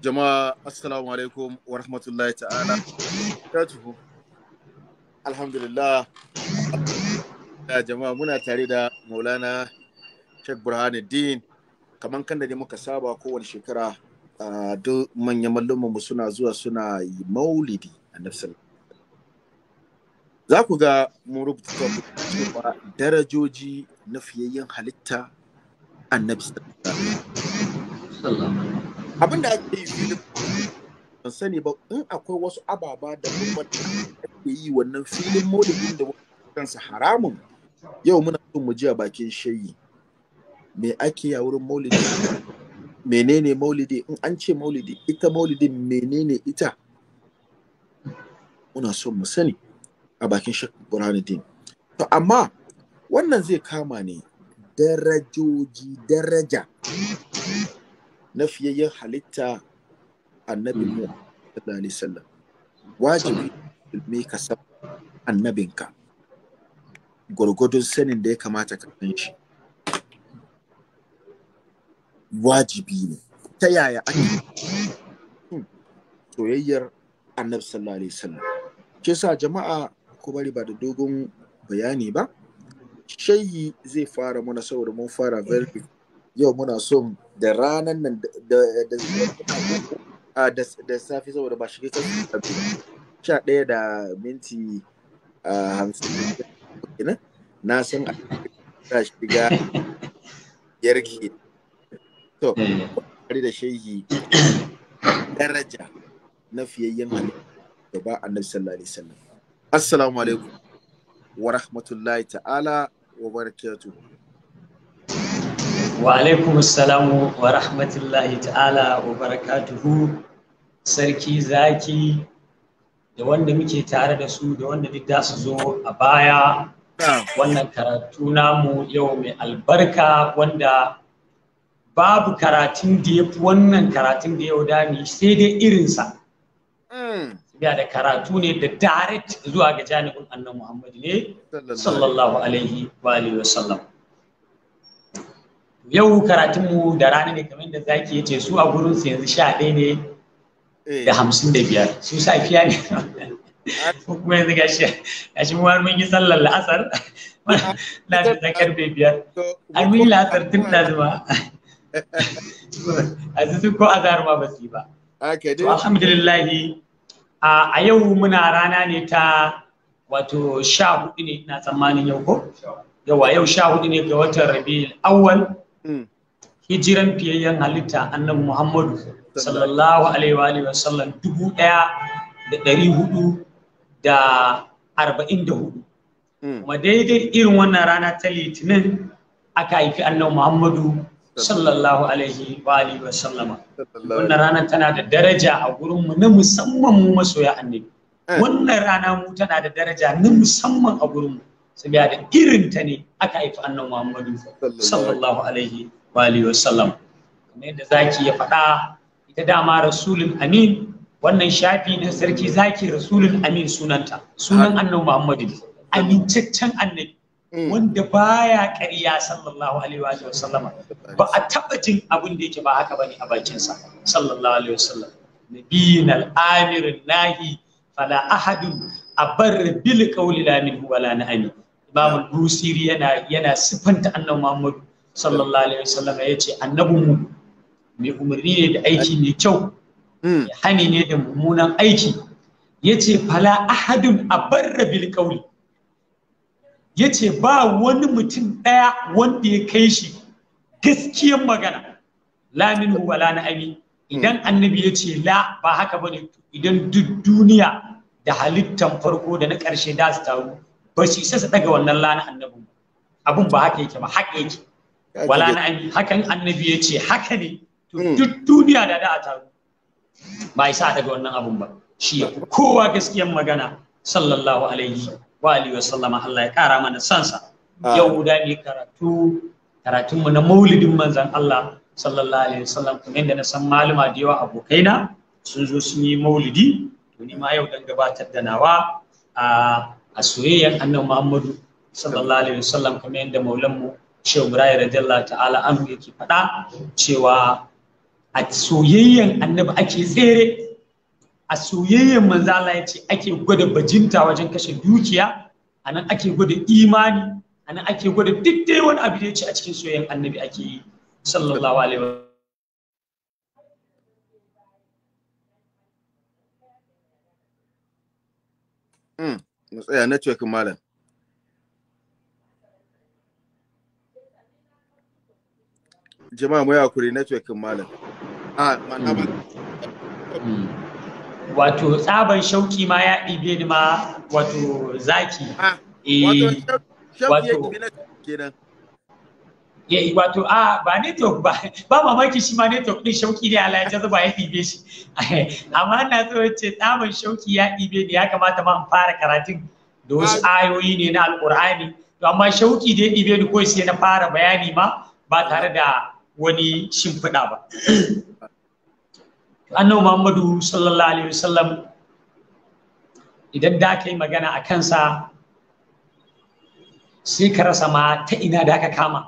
jama'a assalamu alaikum wa rahmatullahi ta'ala. Alhamdulillah. jama'a muna tare da Maulana Sheikh Burhanuddin kamar kan da muka saba kowane shekara duk manyan mu suna zuwa suna yi maulidi annabi za ku ga mun rubuta cewa darajoji na fiyayyen halitta annabi sallallahu alaihi wasallam abin da ake yi filin ban sani ba in akwai wasu ababa da ake yi wannan filin maulidin da kansa haramun yau muna son mu ji a bakin shayi me ake a wurin maulidi menene maulidi in an ce maulidi ita maulidin menene ita muna son mu sani a bakin shek to amma wannan zai kama ne darajoji daraja na fiyayyen halitta annabin hmm. mu wajibi ilmi ka san annabinka gwargwadon sanin da ya kamata ka san shi wajibi ne ta yaya ake soyayyar annab sallallahu alaihi ke sa jama'a ko bari ba da dogon bayani ba shayi zai fara muna saboda mun fara very eh. yau muna son da ranar nan da da safe saboda ba shiga kan sha ɗaya da minti hamsin na san a shiga yarki to tare hmm. da shehi daraja na fiyayyen da ba annabi sallallahu alaihi wasallam assalamu alaikum wa rahmatullahi ta'ala wa barakatuhu wa alaikum salamu wa rahmatullahi ta'ala wa barakatuhu sarki zaki da wanda muke tare da su da wanda duk da su zo a baya wannan karatu namu yau mai albarka wanda babu karatun da ya fi wannan karatun da yau dami sai dai irinsa ya hmm. da karatu ne da direct zuwa ga janibin annan muhammadu ne sallallahu alaihi wa sallam yau karatunmu da rana ne kamar da zaki ya ce su a gurin su yanzu sha ɗaya ne eh. da hamsin da biyar su safiya ne ko kuma yanzu gashi gashi mu har mun yi sallar la'asar na da zakar karfe biyar har mun yi la'asar tun da zuwa a su ko azhar ma ba su yi ba to alhamdulillah a yau muna rana ne ta wato sha hudu ne ina tsammanin yau ko yawa yau sha hudu ne ga watan rabi'ul awwal Hmm. hijiran fiyayyen halitta annan Muhammadu sallallahu alaihi wa sallam dubu ɗaya da ɗari hudu da arba'in da hudu. Hmm. Kuma daidai irin wannan rana ta litinin aka haifi annan Muhammadu sallallahu alaihi wa wa sallama. Wannan rana tana da daraja a gurinmu na musamman mu masoya annabi. Hmm. Wannan rana mu tana da daraja na musamman a gurinmu. sabiya da irin ta ne aka haifi annan Muhammadu sallallahu alaihi wa alihi wasallam kamar yadda zaki ya faɗa ita dama rasulun amin wannan shafi na sarki zaki rasulun amin sunanta sunan annan Muhammadu amincaccen annabi mm. wanda baya ƙarya sallallahu alaihi wa sallama ba a taɓa jin abin da yake ba haka bane a bakinsa sallallahu alaihi wa sallam nabiyin al'amirin nahi fala ahadun abar bil qawli la huwa la na'ami Imam Busiri yana yana sifanta Annabi Muhammad sallallahu alaihi wasallam yace annabin mu mai umarni ne da aiki mai kyau hmm. hani ne da mummunan aiki yace fala ahadun abarra bil qawli yace ba wani mutum ɗaya wanda ya kai shi gaskiyan magana la minhu wala na'ami idan hmm. annabi yace la ba haka bane idan duk duniya da halittan farko da na ƙarshe da su taru ba su su daga wannan lana annabin abun ba haka yake ba haka yake wala na hakan annabi ya ce haka ne hmm. duk duniya da da a taru ba a daga wannan abun ba shi kowa gaskiyan magana sallallahu alaihi wa alihi wa sallama Allah ya kara mana sansa ah. yau guda ne karatu karatun mu na maulidin manzon Allah sallallahu alaihi wa sallam kuma inda na san maluma da yawa abokaina sun zo sun yi maulidi to ni ma yau dan gabatar da nawa a ah, a soyayyar annabi Muhammadu sallallahu alaihi wasallam kamar yadda maulanmu Shehu Ibrahim radiyallahu ta'ala an yake faɗa cewa a soyayyan annabi ake tsere a soyayyan manzo Allah ya ce ake gwada bajinta wajen kashe dukiya anan ake gwada imani anan ake gwada duk dai wani abu da ya ce a cikin soyayyan annabi ake yi sallallahu alaihi wasallam Mm. mu tsaya network malam jama'a mu yakuri network malam a ah, malam hmm. wato tsaban shauki ma ya ɗibe ni ma wato zaki ah, eh wato shauki ya ɗibe na kenan ya yi wato a ah, ba network ba ba mamaki shi ma network din shauki ne ala ya zuba ya ɗibe shi amma ina so ce tsamin shauki ya ɗibe ne ya kamata ma in fara karatun da wasu ayoyi ne na alkur'ani to amma shauki da ya ɗibe ni ko sai na fara bayani ma ba tare da wani shimfiɗa ba annabi muhammadu sallallahu alaihi wasallam idan da kai magana a kansa sai ka rasa ma ta ina da aka kama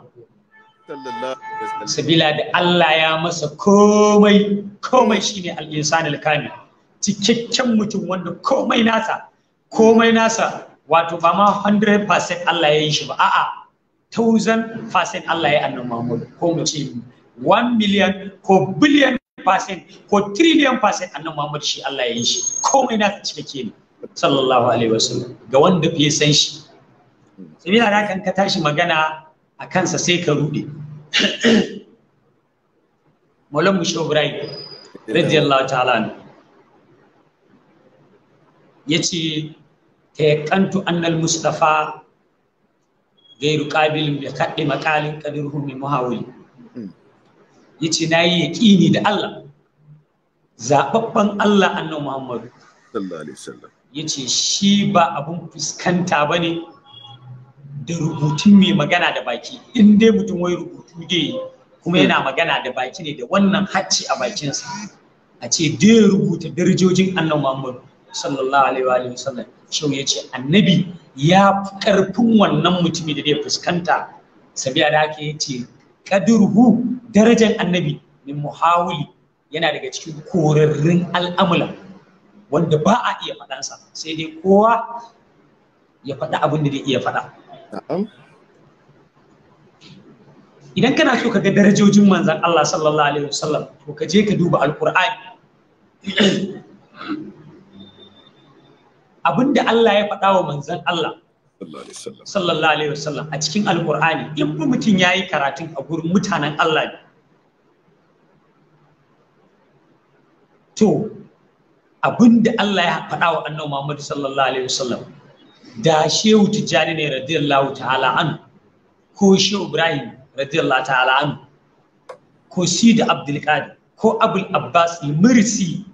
sabila da Allah ya masa komai komai shine al-insan al-kamil cikakken mutum wanda komai nasa komai nasa wato ba ma 100% Allah ya yi shi ba a'a 1000% Allah ya annabi Muhammad ko mu ce 1 million ko billion percent ko trillion percent annabi Muhammad shi Allah ya yi shi komai nasa cikakke ne sallallahu alaihi wasallam ga wanda fi san shi sabila da kan ka tashi magana a kansa sai ka rude Maulan Bushe Ibrahim radiyallahu ta'ala ne ya ce ta yakantu annal Mustafa gairu ƙabilin da kaɗe makalin ƙadir hulmi muhawuli ya ce na yi yaƙini da Allah zaɓaɓɓen Allah annan Muhammadu ya ce shi ba abun fuskanta ba ne da rubutun mai magana da baki in dai mutum wai rubutu dai kuma yana hmm. magana da baki ne da wannan hacci a bakinsa a ce dai rubuta darajojin annabi Muhammad sallallahu alaihi wa alihi wasallam shau ya ce annabi ya karfin wannan mutumi da zai fuskanta sabiya da haka ya ce kadurhu darajar annabi min muhawili yana daga cikin korarrun al'amula wanda ba a iya faɗansa sai dai kowa ya faɗa abin da zai iya faɗa idan kana so ka ga darajojin manzan Allah sallallahu alaihi wasallam to ka je ka duba alqur'ani abinda Allah ya faɗa wa manzan Allah sallallahu alaihi wasallam a cikin alqur'ani in mutum yayi karatun a gurin mutanen Allah ne to abinda Allah ya faɗa wa annabi Muhammad sallallahu alaihi wasallam da shehu tijjani ne radiyallahu ta'ala an ko shehu ibrahim radiyallahu ta'ala an ko sida abdulkadir ko abul abbas mursi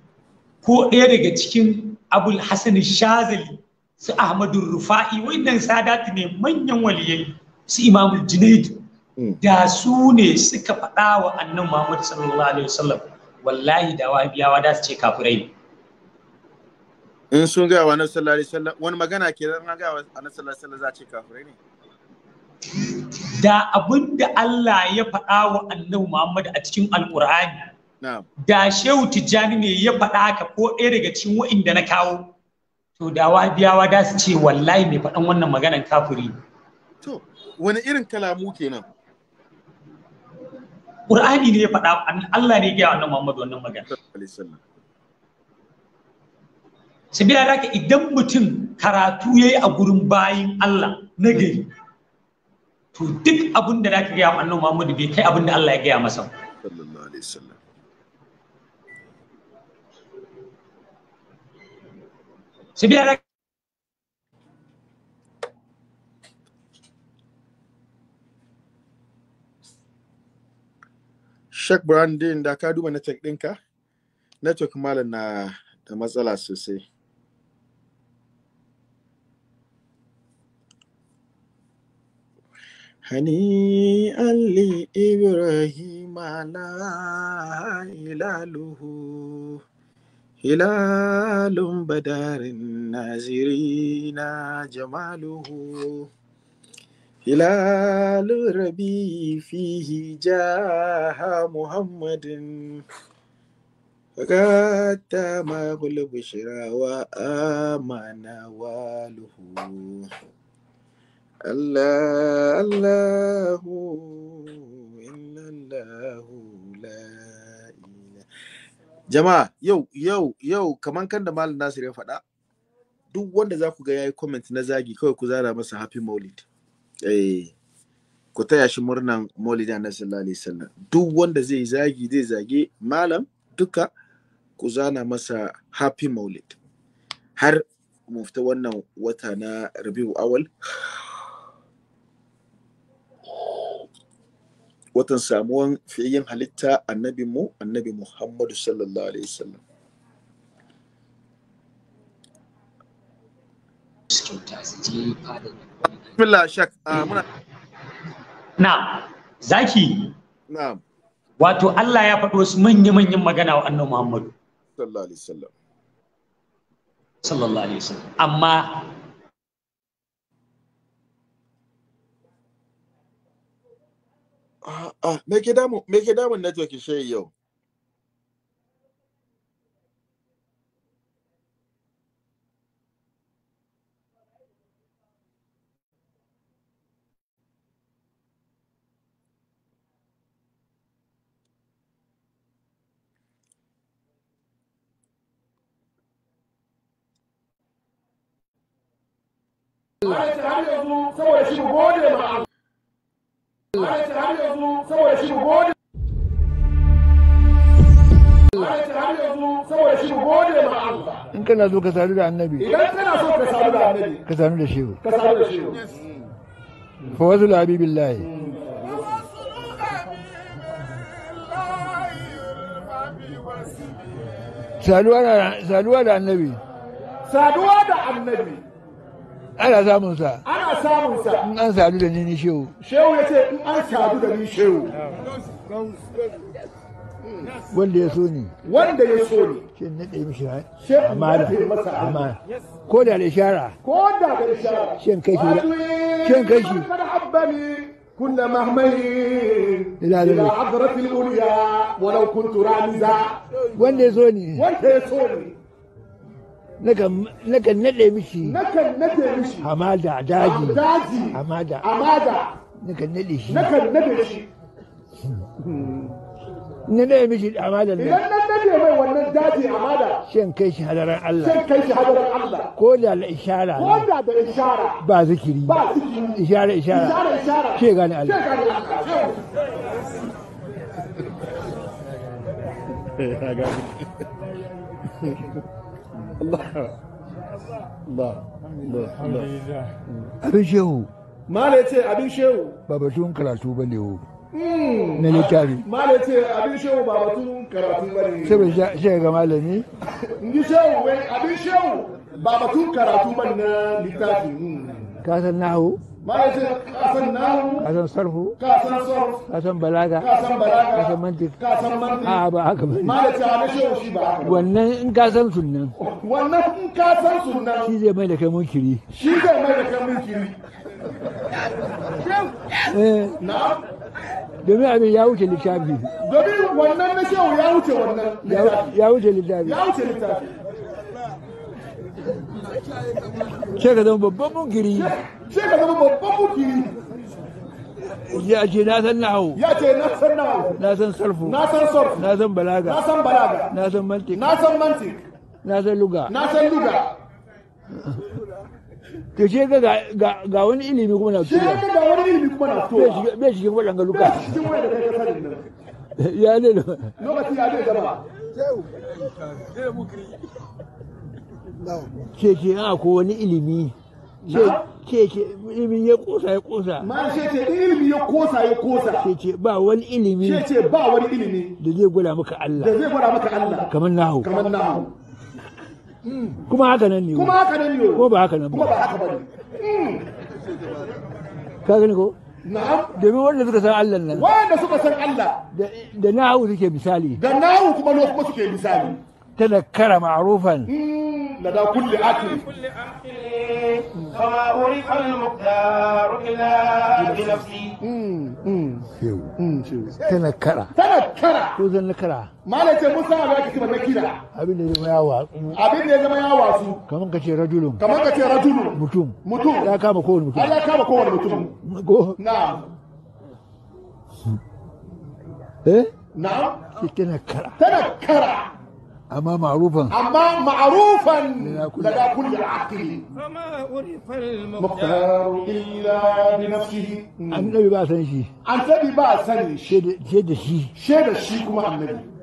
ko ɗaya daga cikin abul hasan shazali su ahmadu rufa'i wannan sadati ne manyan waliyai su imamul junaid hmm. da su ne suka faɗa wa annan muhammad sallallahu alaihi wasallam wallahi da wahabiyawa da su ce kafirai ne in sun gaya wa sallallahu alaihi wasallam wani magana ke an gaya wa na alaihi wasallam za a ce kafirai ne da abin da Allah ya faɗa wa annabi Muhammad a cikin Alƙur'ani da shehu tijjani ne ya faɗa ka ko ɗaya daga cikin wa'inda na kawo to da wa wahabiyawa da su ce wallahi mai faɗan wannan maganan kafiri to wani irin kalamu kenan Qur'ani ne ya faɗa Allah ne ya gaya wa annabi Muhammad wannan magana sabila da idan mutum karatu ya yi a gurin bayin Allah na gari to duk abin da zaka gaya annabi Muhammad bai kai abin da Allah ya gaya masa sallallahu sabila da Shek Brandin da ka duba network ɗinka? Network malam na da matsala sosai. هنيئا لإبراهيم لا هلاله هلال بدار الناظرين جماله هلال ربي فيه جاه محمد فقد ما قلب شرا وآمن واله jama'a yau yau yau kaman kan da malam nasir ya faɗa duk wanda za ku ga yayi comment na zagi kawai ku zara masa happy maulid eh ku taya shi murnan maulid na sallallahu alaihi wasallam duk wanda zai zagi zai zage malam duka ku zana masa happy maulid har mu fita wannan wata na rabiu awal watan samuwan fiyayyen halitta annabinmu annabi muhammadu sallallahu alaihi wasallam Bismillah uh, zaki na'am wato Allah ya faɗo su manya-manyan magana wa annabi Muhammadu sallallahu alaihi wasallam sallallahu alaihi wasallam amma A'a, me ke me network shi yau? shigo da in kana so ka sadu da annabi idan kana so ka sadu da annabi ka sadu da shehu ka sadu da shehu fa wasu labibillahi saduwa da annabi saduwa da annabi ana samun sa ana samun sa in an sadu da ni ni shehu shehu ya ce in an sadu da ni shehu wanda ya so ni wanda ya so ni Shin na ɗaya mishi amana amana ko da da shara ko da da shara shin kai shi shin kai shi كنا مهملين إلى إلى عبرة الأولياء ولو كنت رامزا وين يزوني وين يزوني nakan nade mishi nakan nade mishi hamada daji daji hamada hamada nakan nade shi nakan nade shi na nade mishi hamada ne idan nan nade mai wannan daji hamada shin kai shi hadaran Allah shin kai shi hadaran Allah ko da la ishara ko da da ishara ba zikiri ba zikiri ishara ishara ishara ishara she gane Allah she gane Allah Thank you. Allah Allah Allah abin shehu mala ce ba batun karatu na ne na littafi mala ce abin shehu ba karatu ba ne saboda hmm. shehu ga malami in shehu wai abin shehu ba karatu ba na littafi hmm. ka san nahu kasan kasan sarfu kasan balaga kasan balaga mantik a ba haka ba wannan in ka san sunnan shi zai mai da kai munkiri eh. domin abin ya wuce littafi domin wannan na shehu ya wuce wannan ya wuce littafi sai ka zama babban munkiri sai ka zama babban munkiri ya ce na san nahawu ya ce na san nahawu na san sarfu na san sarfu na san balaga na san balaga na san mantik na san mantik na san luga na san luga to ce ga ga wani ilimi kuma na fito ce ga wani ilimi kuma na fito bai shi kuma langa luka ya ne lokaci ya ne jama'a keke a ko wani ilimi keke ilimi ya kosa ya kosa ma ba wani ilimi da zai gwada maka Allah kamar nahu hmm. kuma haka nan ne kuma haka ba haka nan ba kuma ba haka ba ne hmm. ka gani ko Na'am. Domin wanda suka san Allah nan. Wanda Da nahu suke misali. Da nahu misali. Tana kara ma'rufan. Hmm. لدى كل عقل فما أورق المقدار إلا بنفسي تنكرة تنكرة ko zan na kara malai ce musa ba ki ba nakira abin da zama ya abin da zama ya kaman ka ce rajulun kaman ka ce rajulun mutum ya kama kowane mutum ya kama kowane mutum ko na'am tana kara tana kara أما معروفا أما معروفا لدى كل عاقل فما عرف المختار إلا بنفسه النبي شيء سن شي النبي شيء شيء شيء شيء شيء كما النبي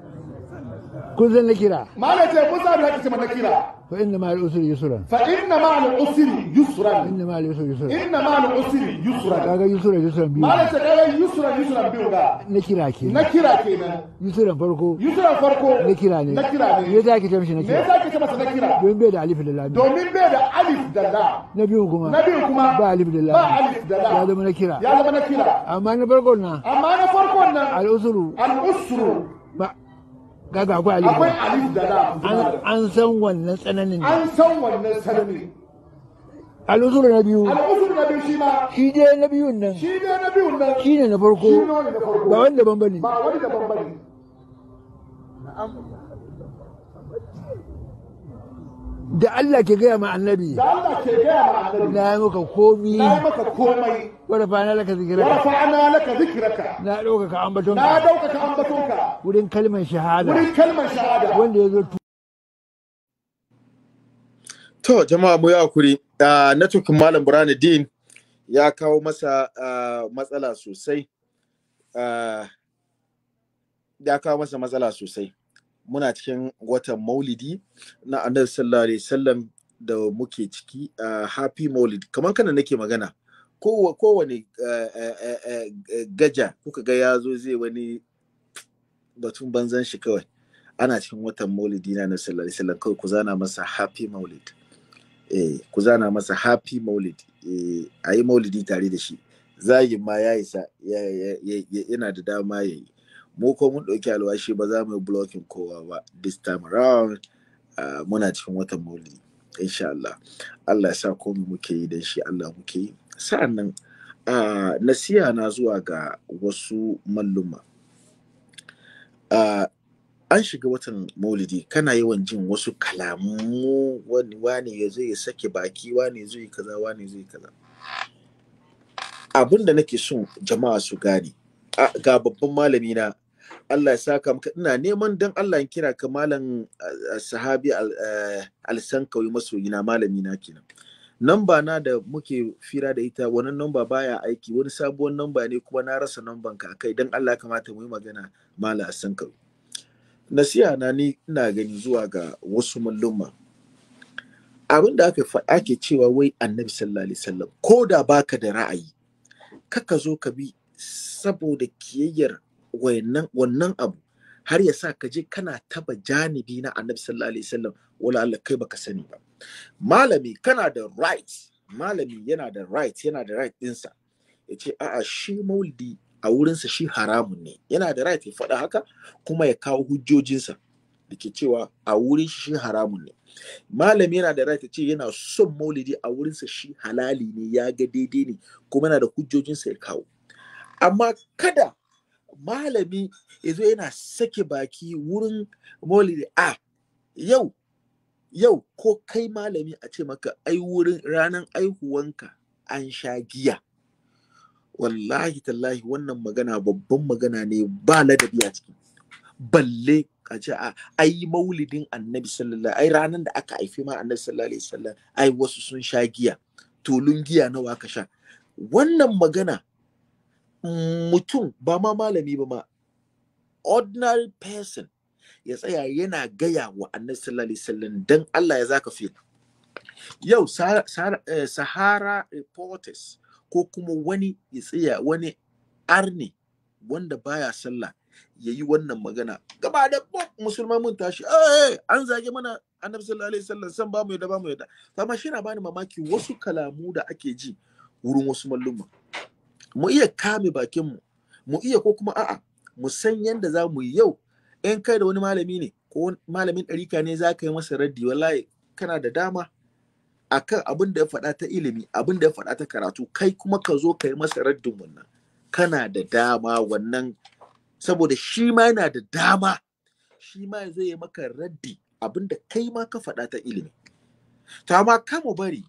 kun san na kira malam ce kun san da kike na kira fa inna ma al-usri yusran fa inna ma al-usri yusran inna ma al-usri yusran inna ma al-usri yusran ga yusra yusran biyu malam ce ga yusra yusran biyu ga na kira ke na kira kenan yusran farko yusran farko na kira ne na kira ne me yasa kike mishi na kira me yasa kike masa na kira domin bai da alif da lam domin bai da alif da lam na biyu kuma na biyu kuma ba alif da lam ba alif da lam ya zama na kira ya zama na kira amma na farkon nan amma na farko na. al-usru al-usru gaga akwai alif akwai an san wannan tsananin an san wannan tsananin na biyu al'uzur na biyu shi ma shi na biyun nan shi na biyun nan shi ne na farko ba wani daban bane ba wani daban bane da Allah ke gaya ma annabi da Allah ke gaya ma annabi na yi maka komai na yi maka komai ورفعنا لك ذكرك ورفعنا لك ذكرك لا دوكك أنبتونك لا دوكك أنبتونك ورين كلمة وين يزول To jama'a mu ya kuri na networkin Malam Burhanuddin ya kawo masa matsala sosai. ya kawo masa matsala sosai. Muna cikin watan Maulidi na Annabi sallallahu alaihi wasallam da muke ciki Happy Maulid. Kamar kana nake magana. kowane eh, eh, eh, gaja kuka ga ya zo zai wani batun banzan shi kawai ana cikin watan maulidi na sallallahu alaihi kawai ku zana masa happy maulid eh ku zana masa happy maulid eh yi maulidi tare da shi zagin ma ya isa yana da dama ya yi mu ko mun ɗauki alwashi ba za mu yi blocking kowa ba this time around ah, muna cikin watan maulidi insha Allah Allah ya sa komai muke yi dan shi Allah muke yi sa'an nan uh, nasiya na zuwa ga wasu malluma uh, an shiga watan maulidi kana yawan jin wasu kalamu wani wani ya zai sake baki wani zai kaza wani zai kaza abin da nake son jama'a su gane ga babban malami na Allah ya saka maka ina neman dan Allah in kira ka malam sahabi eh, al-sankawi masoyina malami na kenan namba na da muke fira da ita wannan namba baya aiki wani sabuwar namba ne kuma na rasa namban ka kai dan Allah kamata mu yi magana mala asankaru nasiha na ni ina gani zuwa ga wasu mulluma abin da aka faɗa ke cewa wai annabi sallallahu alaihi wasallam ko da baka da ra'ayi kaka zo ka bi saboda kiyayyar wannan abu har ya sa ka je kana taba janibi na annabi sallallahu alaihi wasallam wala Allah kai baka sani ba malami kana da right malami yana da right yana da right ɗinsa ya ce a'a shi maulidi a wurinsa shi haramun ne yana da right ya faɗa haka kuma ya kawo hujjojinsa da ke cewa a wurin shi haramun ne malami yana da right ce yana son maulidi a wurinsa shi halali ne ya ga daidai ne kuma yana da hujjojinsa ya kawo amma kada malami ya zo yana sake baki wurin maulidi a yau yau ko kai malami a ce maka ai wurin ranar aihuwanka an sha giya wallahi tallahi wannan magana babban magana ne ba ladabi a ciki balle a ce a ai maulidin annabi sallallahu ai ranar da aka haife ma annabi sallallahu alaihi wasallam ai wasu sun sha giya tulun giya nawa ka sha wannan magana mutum ba ma malami ba ma ordinary person ya tsaya yana gaya wa annabi sallallahu alaihi wasallam dan Allah ya zaka fi yau eh, sahara reporters ko kuma wani ya tsaya wani arni wanda baya sallah ya yi wannan magana gaba da musulman mun tashi eh, eh, an zage mana annabi sallallahu alaihi wasallam san ba mu yadda ba mu yadda amma shi na bani mamaki wasu kalamu da ake ji wurin wasu mallumma mu iya kame bakinmu mu iya ko kuma a'a mu san yadda za mu yau in kai da wani malami ne ko malamin ɗarika ne za ka yi masa raddi wallahi kana da dama A kan abin da ya faɗa ta ilimi abin da ya faɗa ta karatu kai kuma ka zo ka yi masa raddin wannan kana da dama wannan saboda shi ma yana da dama shi ma zai yi maka raddi abin da kai ma ka faɗa ta ilimi to amma kama bari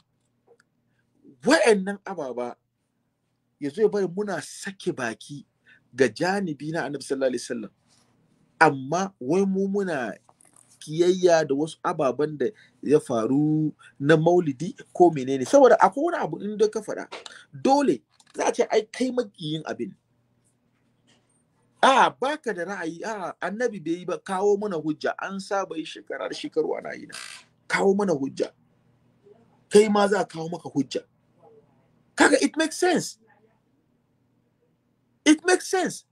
wa'annan ababa ya zo ya bari muna sake baki ga janibi na annabi sallallahu alaihi wasallam amma wai mu muna kiyayya da wasu ababen da ya faru na maulidi ko menene saboda akwai wani abu in ka faɗa dole za ce ai kai makiyin abin a baka da ra'ayi a annabi bai yi ba kawo mana hujja an saba yi shekara da shekaru ana yi na kawo mana hujja kai ma za a kawo maka hujja kaga it makes sense it makes sense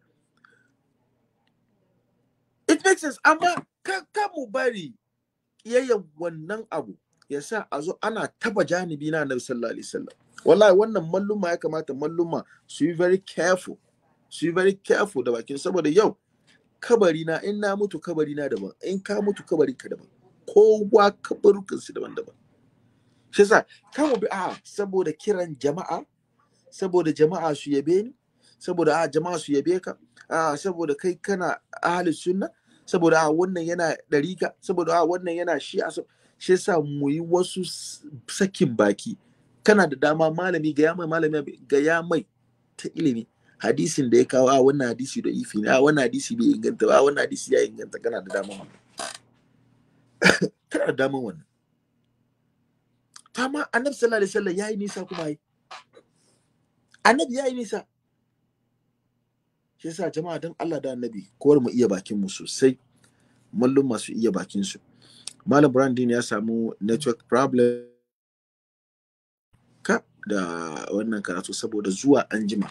it makes sense amma ka, ka mu bari yayya wannan abu ya sa a zo ana taba janibi na annabi sallallahu alaihi wasallam wallahi wannan malluma ya kamata malluma su yi very careful su yi very careful da bakin saboda yau kabari na in na mutu kabari na daban in ka mutu kabari ka daban kowa kabarukan su daban daban shi yasa kan bi a saboda kiran jama'a saboda jama'a su yabe ni saboda a ah, jama'a su yabe ka a ah, saboda kai kana ahli sunna saboda a ah, wannan yana ɗarika saboda a wannan yana shi a shi yasa mu yi wasu sakin baki kana da dama malami ga mai malami ga ya mai ta ilimi hadisin da ya kawo a wannan hadisi da ifi a wannan hadisi bai inganta ba a wannan hadisi ya inganta kana da dama wannan kana da dama wannan ta ma annabi sallallahu alaihi wasallam yayi nisa kuma yi annabi yayi nisa shi yasa jama'a dan Allah da annabi kowar mu iya bakin mu sosai mallum masu iya bakin su malam brandin ya samu network problem ka da wannan karatu saboda zuwa anjima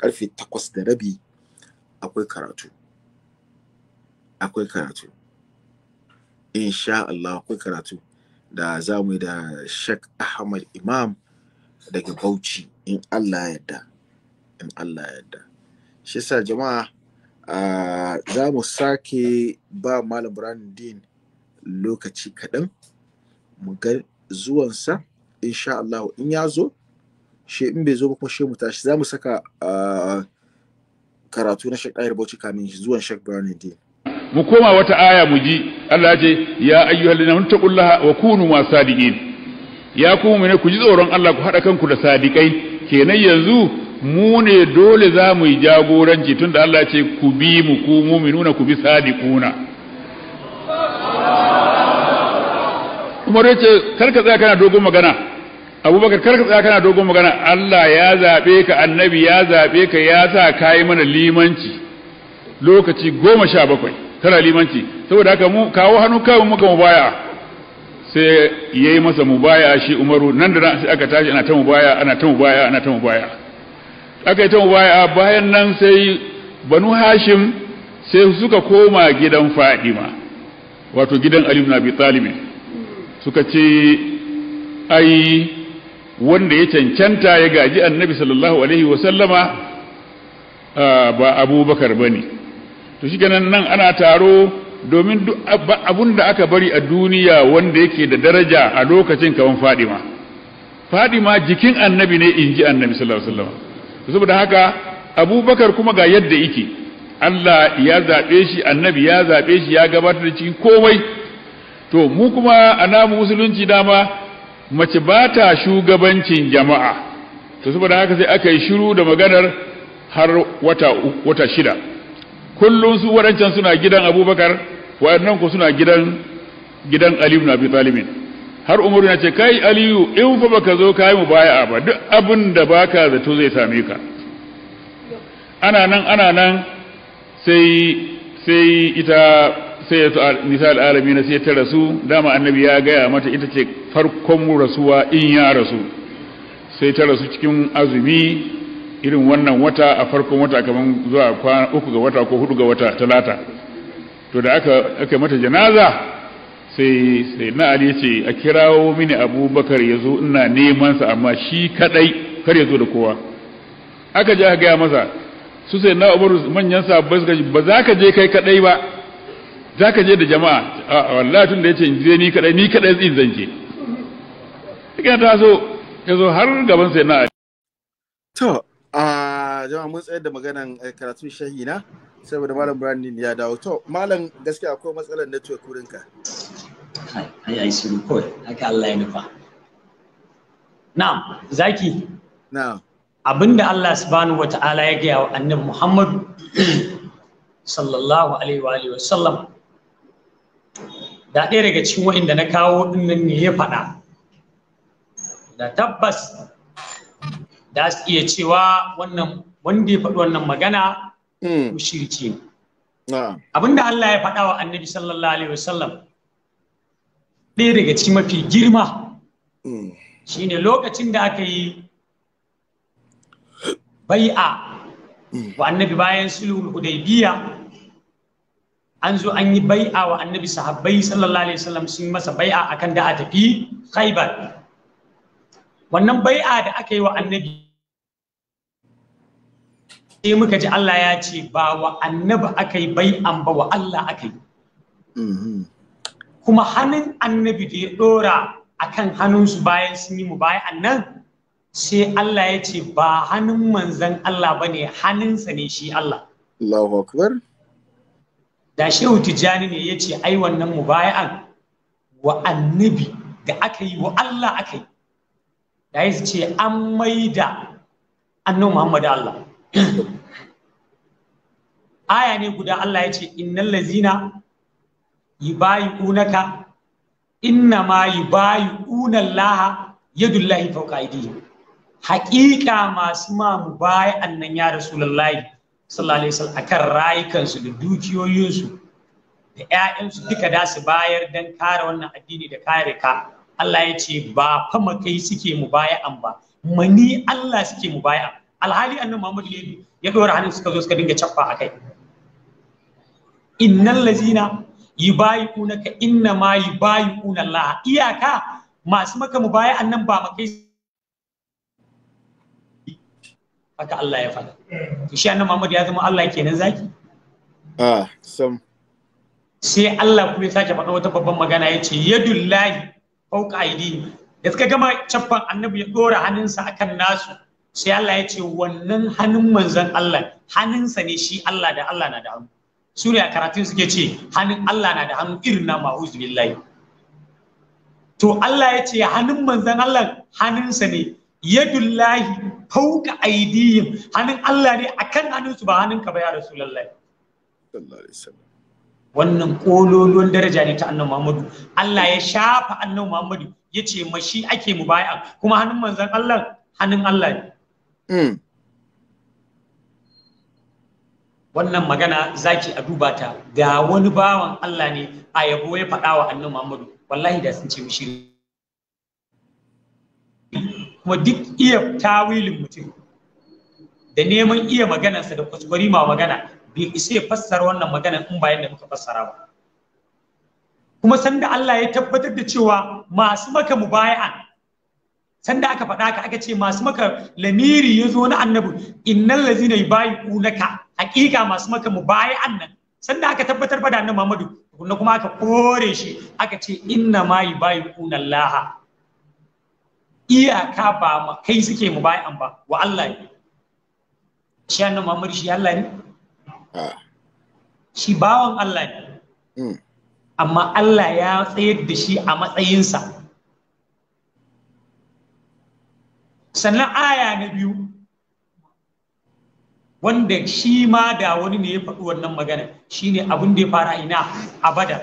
karfe takwas da rabi akwai karatu akwai karatu insha Allah akwai karatu da za mu yi da Sheikh Ahmad Imam daga Bauchi in Allah yadda in Allah yadda shi sa jama'a za mu sake ba malam din lokaci kaɗan mu ga zuwansa insha Allah in ya zo shi in bai zo ba kuma shi mu tashi za mu saka karatu na Sheikh ya Bauchi kamin zuwan Sheikh din mu koma wata aya mu ji Allah ce ya ayyuhal ladina taqullaha wa kunu ma sadiqin ya ku mu ne ku ji tsoron Allah ku hada kanku da sadiqai kenan yanzu mu ne dole za mu yi jagoranci tun da Allah ce ku bi mu ku mu'minuna ku bi sadiquna Umar ya karka tsaya kana dogon magana Abubakar karka tsaya kana dogon magana Allah ya zabe ka annabi ya zabe ka ya sa kai mana limanci lokaci goma sha bakwai tana limanci saboda haka mu kawo hannu kawo muka mubaya sai yayi masa mubaya shi Umaru nan da nan sai aka tashi ana ta mubaya ana ta mubaya ana ta mubaya aka yi ta a bayan nan sai banu hashim sai suka koma gidan fadima wato gidan ali na bi suka ce ai wanda ya cancanta ya gaji annabi sallallahu alaihi wa ba abubakar ba ne. to ganin nan ana taro domin duk abun da aka bari a duniya wanda yake da daraja a lokacin kamar fadima fadima jikin annabi ne in ji annabi sallallahu alaihi wa saboda haka abubakar kuma ga yadda yake Allah ya zaɓe shi annabi ya zaɓe shi ya gabatar da cikin komai to mu kuma a namu musulunci dama mace ba ta shugabancin jama'a to saboda haka sai aka yi shiru da maganar har wata wata shida kullum su waɗancan suna gidan abubakar waɗannan ku suna gidan gidan ali ibn abi talibin har umaru ya ce kai aliyu in fa baka zo kai mu baya ba duk abin da baka zato zai same ka ana nan ana nan sai sai ita sai nisa al'alami na sai ta rasu dama annabi ya gaya mata ita ce farkon rasuwa in ya rasu sai ta rasu cikin azumi irin wannan wata a farkon wata kamar zuwa uku ga wata ko hudu ga wata talata to da aka aka mata janaza sai sai na ali ce a kirawo mini abubakar ya zo ina neman sa amma shi kadai kar ya zo da kowa aka je aka gaya masa su sai na umaru manyan sahabbai suka ba za ka je kai kadai ba za ka je da jama'a a wallahi tun da ya ce in je ni kadai ni kadai zan zan je kika ta so ya zo har gaban sai na ali to a jama'a mun tsayar da maganan eh, karatun shahina saboda malam brandin ya dawo to malam gaskiya akwai matsalar network wurinka kai ai ai shiru kawai haka Allah ya nufa na'am zaki na'am abinda Allah subhanahu wata'ala ya gaya wa annabi Muhammad sallallahu alaihi wa alihi wasallam da ɗaya daga cikin wa'inda na kawo dinnan ne ya faɗa da tabbas da su iya cewa wannan wanda ya faɗi wannan magana hmm. shirki ne abinda Allah ya faɗa wa annabi sallallahu alaihi wasallam ɗaya daga cikin mafi girma hmm. shine lokacin da aka yi bai'a hmm. wa annabi bayan sulhul hudaybiya an zo an yi bai'a wa annabi sahabbai sallallahu alaihi wasallam sun masa bai'a akan da a tafi khaibar wannan bai'a da aka yi wa annabi sai muka ji Allah ya ce ba wa annabi aka yi bai'an ba wa Allah aka yi hmm, kuma hannun annabi da ya dora kan hannunsu bayan sun yi mubayi'an nan sai Allah ya ce ba hannun manzan Allah ba ne hannunsa ne shi Allah. Allahu Akbar. Da Shehu Tijjani ne ya ce ai wannan mubayi'an wa annabi da aka yi wa Allah aka yi. Da ya ce an maida annabi Muhammad Allah. Aya ne guda Allah ya ce innal lazina yubayi'unaka innama ma yubayi'una Allah yadullahi fawqa aydihim haƙiƙa masu ma mubayi'an nan ya rasulullahi sallallahu alaihi wasallam akan rayukansu da dukiyoyinsu da 'ya'yansu duka da su bayar dan kare wannan addini da kare ka Allah ya ce ba fa makai suke an ba mani Allah suke mubayi'an alhali annabi Muhammad ya dora hannun suka zo suka dinga cappa akai innal lazina ka inna ma yubayi'una Allah iyaka masu maka mubaya'an annan ba makai haka Allah ya faɗa to shi annan Muhammad ya zama Allah kenan zaki ah sam sai Allah kuma ya sake faɗa wata babban magana yace yadullahi fawqa aidi da suka gama caffan annabi ya dora hannunsa akan nasu sai Allah ya ce wannan hannun manzon Allah hannunsa ne shi Allah da Allah na da hannu su a karatun suke ce hannun Allah na da hannun irin na ma'uzu billahi to Allah ya ce hannun manzan Allah hannunsa ne yadullahi fauka aidiyin hannun Allah ne akan hannunsu ba hannunka ba ya rasulullahi wannan kololuwan daraja ne ta annan Muhammadu Allah ya shafa annan Muhammadu ya ce mashi ake mu baya kuma hannun manzan Allah hannun Allah ne hmm. wannan magana zaki a duba ta ga wani bawan Allah ne a yabo ya faɗa wa annabi Muhammadu wallahi da sun ce mishi kuma duk iya tawilin mutum da neman iya maganarsa da kuskure ma magana bai isa ya fassara wannan magana in bayan da muka fassara ba kuma sanda Allah ya tabbatar da cewa masu maka mubaya'a sanda aka faɗa ka aka ce masu maka lamiri ya zo na annabi innal lazina yubayi'unaka Hakika masu maka mubayi'an annan. sanda aka tabbatar da annabi Muhammadu kunna kuma aka kore shi aka ce inna ma yubayi'una Allah iyaka ba ma kai suke an ba wa Allah ne shi annabi Muhammadu shi Allah ne ah. shi bawan Allah ne hmm. amma Allah ya tsayar da shi a matsayinsa sannan aya na biyu wanda shi ma da wani ne ya faɗi wannan magana shine abin da ya fara ina a badar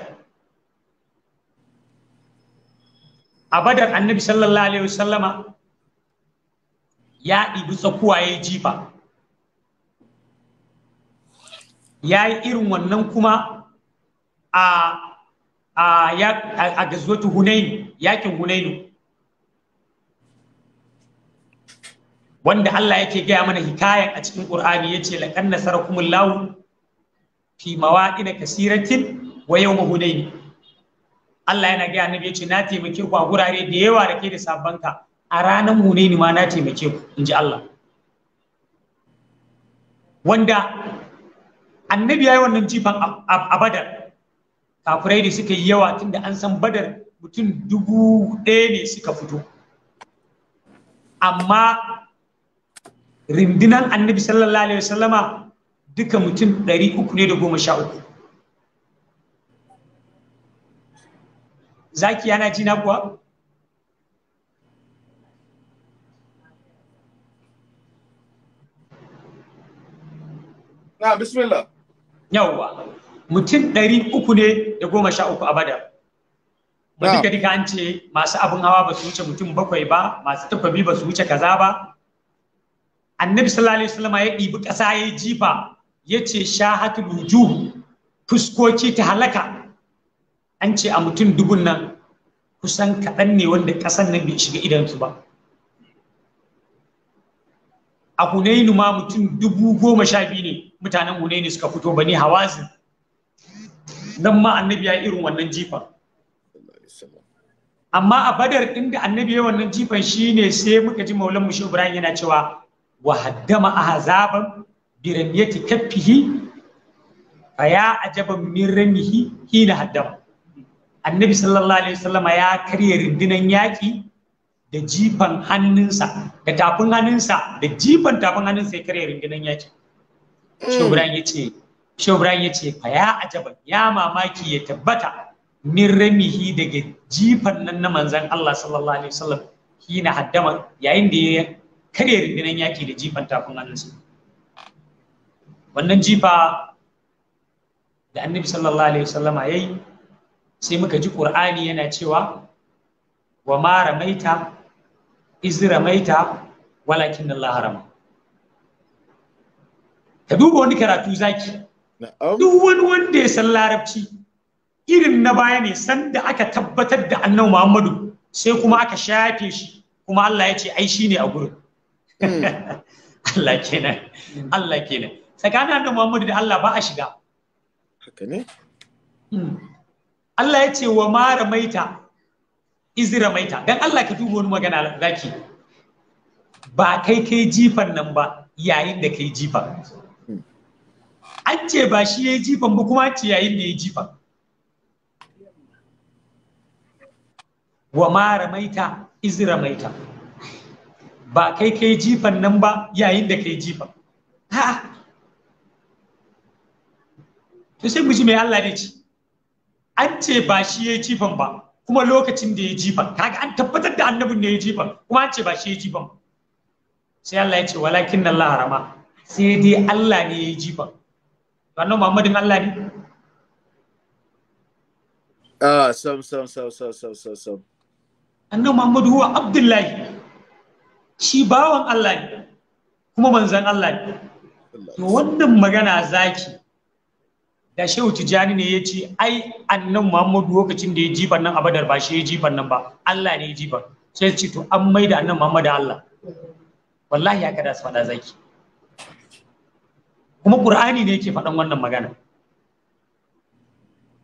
a badar annabi sallallahu alaihi wasallama ya ɗibi tsakuwa ya jifa ya yi irin wannan kuma a a, gazuwatu hunaini yakin hunaini wanda Allah yake gaya mana hikayan a cikin Qur'ani yace laqad nasarakumullahu fi mawaqin kasiratin wa yawm hunain Allah yana gaya annabi yace na taimake ku a gurare da yawa da ke da sabanka a ranar hunaini ma na taimake ku inji Allah wanda annabi yayi wannan jifan a Badar kafirai da suka yi yawa tunda an san Badar mutum dubu ɗaya ne suka fito amma rindinan annabi sallallahu alaihi wasallama duka mutum ɗari uku ne da goma sha uku zaki yana jina kuwa na bismillah yawwa mutum ɗari uku ne da goma sha uku a badar ba duka duka an ce masu abin hawa ba su wuce mutum bakwai ba masu takobi ba su wuce kaza ba annabi sallallahu alaihi wasallam ya ɗibi ƙasa ya jifa ya ce shahatul wujuh fuskoki ta halaka an ce a mutum dubun nan kusan kaɗan ne wanda ƙasan nan bai shiga idansu ba a hunainu ma mutum dubu goma sha biyu ne mutanen hunainu suka fito bani hawazin nan ma annabi ya irin wannan jifan amma a badar inda annabi ya wannan jifan shine sai muka ji maulan mushi ibrahim yana cewa wa haddama برمية bi فيا أجب من ajaban min هدم النبي haddama annabi عليه وسلم يا ya karya ياكي yaƙi da jifan hannunsa da tafin hannunsa da jifan tafin hannunsa ya karya rundunan yaƙi shebran hmm. ya ce shebran ya ce ajaban ya mamaki ya tabbata min ramihi daga jifan nan na manzan Allah sallallahu alaihi wasallam hina haddama yayin da ya karya rundunar yaki da jifan tafin hannunsa wannan jifa da annabi sallallahu alaihi wasallama yayi sai muka ji qur'ani yana cewa wa ma ramaita iz ramaita walakin Allah harama ka duba wani karatu zaki duk wani wanda ya san larabci irin na baya ne sanda aka tabbatar da annabi Muhammadu sai kuma aka shafe shi kuma Allah ya ce ai shine a gurin Allah kenan Allah kenan tsakanin annabi Muhammadu da Allah ba a shiga haka ne hmm. Allah ya ce wa ma ramaita iz ramaita dan Allah ka duba wani magana zaki ba kai kai jifan nan ba yayin da kai jifan hmm. an ce ba shi ya jifan ba kuma ce yayin da ya jifan wa ma ramaita iz ramaita ba kai kai jifan nan ba yayin da kai jifan ha to sai mu mai Allah ne ci an ce ba shi ya jifan ba kuma lokacin da ya jifan kaga an tabbatar da annabin ne ya jifan kuma an ce ba shi ya jifan sai Allah ya ce walakin Allah harama sai dai Allah ne ya jifan wannan Muhammadin Allah ne ah sam sam sam sam sam sam annabi Muhammadu huwa Abdullahi shi bawan Allah ne kuma manzan Allah ne to wannan magana zaki da shehu tijani ne ya ce ai annan muhammadu lokacin da ya ji nan abadar ba shi ya ji nan ba Allah ne ya jifan sai ce to an maida annan muhammadu Allah wallahi ya kada su faɗa zaki kuma qur'ani ne yake faɗan wannan magana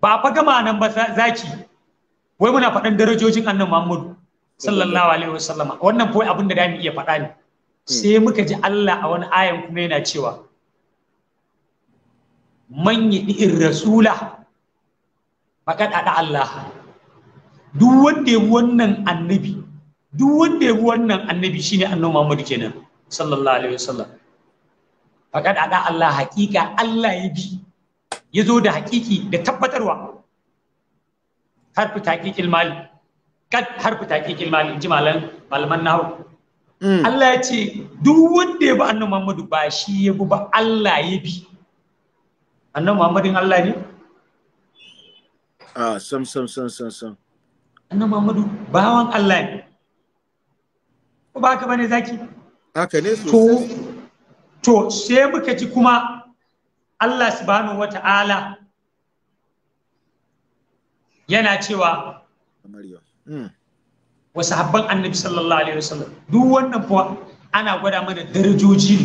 ba fa gama nan ba zaki wai muna faɗan darajojin annan muhammadu sallallahu alaihi wasallam wannan fa abin da mu iya faɗa ne hmm. sai muka ji Allah a wani ayan kuma yana cewa man yadi rasula faqad ada Allah duk wanda ya wannan annabi duk wanda ya wannan annabi shine annabi Muhammad kenan sallallahu alaihi wasallam faqad ada Allah hakika Allah ya bi ya zo da hakiki da tabbatarwa harfi taqiqil mali kad harfu malin ji malan malaman nawo mm. Allah ya ce duk wanda ya bi annabi Muhammadu ba shi ya bi ba Allah ya bi annabi Muhammadin Allah ne ah sam sam sam sam sam annabi Muhammadu bawan Allah ne ko ba ka bane zaki haka ne sosai to sai muka ji kuma Allah subhanahu wata'ala yana cewa Hmm. Wasu habban annabi sallallahu alaihi wasallam duk wannan kuwa ana gwada mana darajoji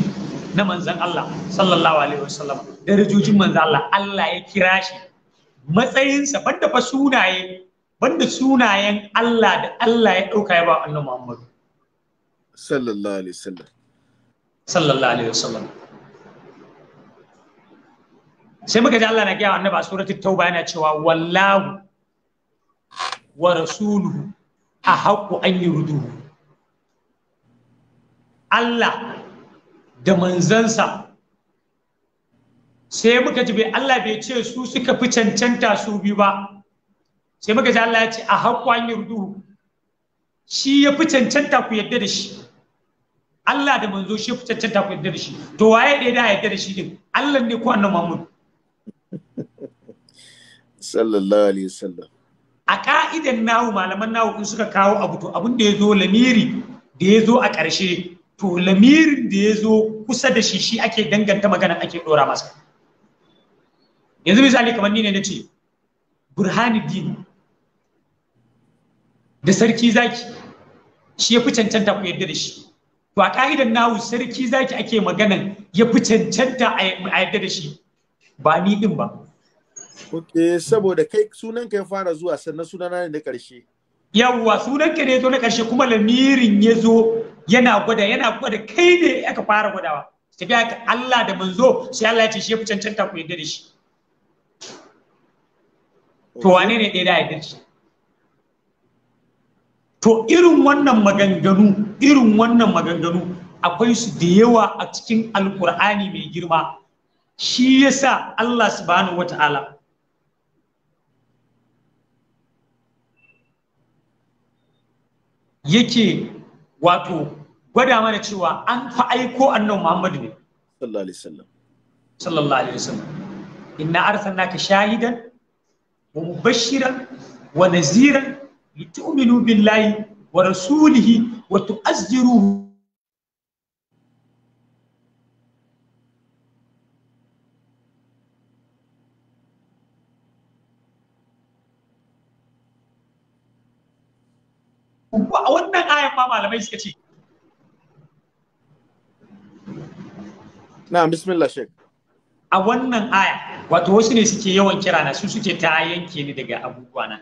na manzan Allah sallallahu alaihi wasallam darajojin manzan Allah Allah ya kira shi matsayinsa banda fa sunaye banda sunayen Allah da Allah ya dauka ya ba annabi Muhammad sallallahu alaihi wasallam sallallahu alaihi wasallam sai muka ji Allah na gaya annabi a suratul tauba yana cewa wallahu wa rasuluhu a haƙƙu an yi ruduhu Allah da manzansa sai muka ji bai Allah bai ce su suka fi cancanta su bi ba sai muka ji Allah ya ce a haƙƙu an yi ruduhu shi ya fi cancanta ku yadda da shi Allah da manzo shi fi cancanta ku yadda da shi to waye da ya yadda da shi din Allah ne ko annabi Muhammad sallallahu alaihi wasallam a ka'idan nawu malaman nawu in suka kawo abu to abin da ya zo lamiri da ya zo a ƙarshe to lamirin da ya zo kusa da shi shi ake danganta magana ake ɗora masa yanzu misali kamar ni ne na ce burhanuddin da sarki zaki shi ya fi cancanta ku yadda da shi to a ka'idan nawu sarki zaki ake maganan ya fi cancanta a yadda da shi ba ni din ba Ok, saboda kai sunan ka ya fara zuwa sannan sunana ne na ƙarshe. Yawwa sunan ka ne zo na ƙarshe kuma lamirin ya zo yana gwada yana gwada kai ne aka fara gwadawa. Tafiya ka Allah da manzo sai Allah ya ce shi ya fi cancanta ku yadda da shi. To wane ne ɗaya da yadda shi? To irin wannan maganganu irin wannan maganganu akwai su da yawa a cikin Alƙur'ani mai girma. Shi yasa Allah subhanahu wa ta'ala yake wato gwada mana cewa an fa aiko annabi Muhammadu ne sallallahu alaihi wasallam sallallahu alaihi wasallam inna arsalnaka shahidan wa mubashiran wa naziran litu'minu billahi wa rasulihi wa tu'azziruhu wannan ayan ma malamai suka ce na bismillah shek a wannan aya wato wasu ne suke yawan kira na su suke ta yanke ni daga abubuwa na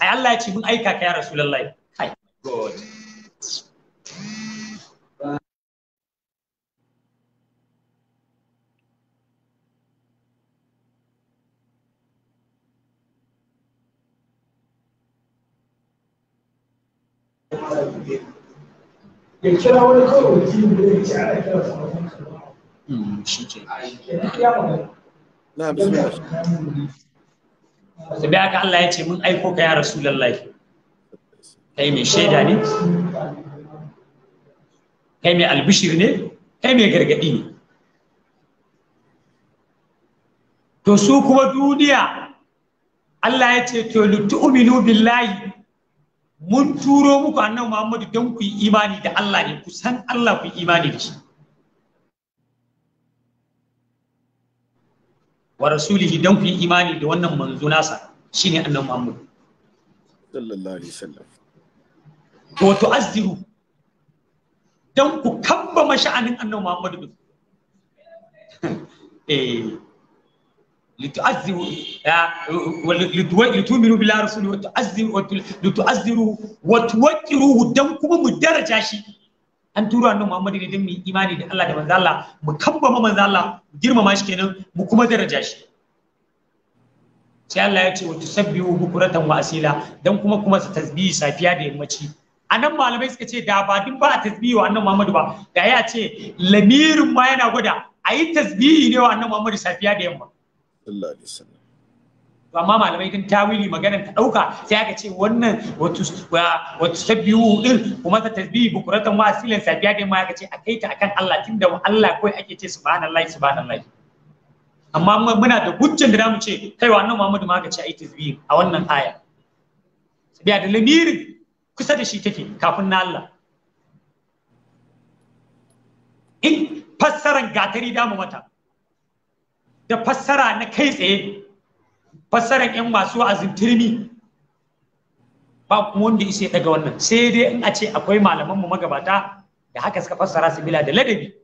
ai Allah ya ce mun aika ka ya rasulullahi kai god ya kira wani kawai wakili da ya ce kira su wajen kama haka Allah ya ce mun aiko ka ya lallai. kai mai shaida ne kai mai albishir ne kai mai gargadi ne to su kuma duniya Allah ya ce to lutu'minu billahi mun turo muku annabi Muhammadu don ku yi imani da Allah ne ku san Allah ku yi imani da shi wa rasulihi don ku yi imani da wannan manzo nasa shine annabi Muhammadu sallallahu alaihi wasallam to azziru don ku kamba masha'anin annabi Muhammadu eh لتعزروا لتؤمنوا بالله رسوله وتعزروا لتعزروا وتوقروه دم كما مدرجة شيء an turo annabi ne don imani da Allah da manzo Allah mu kabbama manzo Allah mu girmama shi kenan mu kuma daraja shi sai Allah ya ce wa tusabbihu bukuratan wa asila dan kuma kuma tasbihi safiya da yammaci anan malamai suka ce da ba din ba tasbihi wa annabi ba da ya ce lamirin ma yana gwada a yi tasbihi ne wa annabi safiya da yamma sallallahu amma malamai din tawili maganar ta dauka sai aka ce wannan wato wato shabbihu din kuma ta tasbihi bukuratan wa asilan safiya dai ma aka ce a kai ta akan Allah tunda Allah koi ake ce subhanallahi subhanallahi amma muna da hujjan da mu ce kai wa Muhammadu ma aka ce ai tasbihi a wannan aya sabiya da lamirin kusa da shi take kafin na Allah in fassaran gatari damu mata da fassara na kai tsaye fassaran yan masu wa'azin turmi ba wanda isa daga wannan sai dai in a ce akwai malaman mu magabata da haka suka fassara su bila da ladabi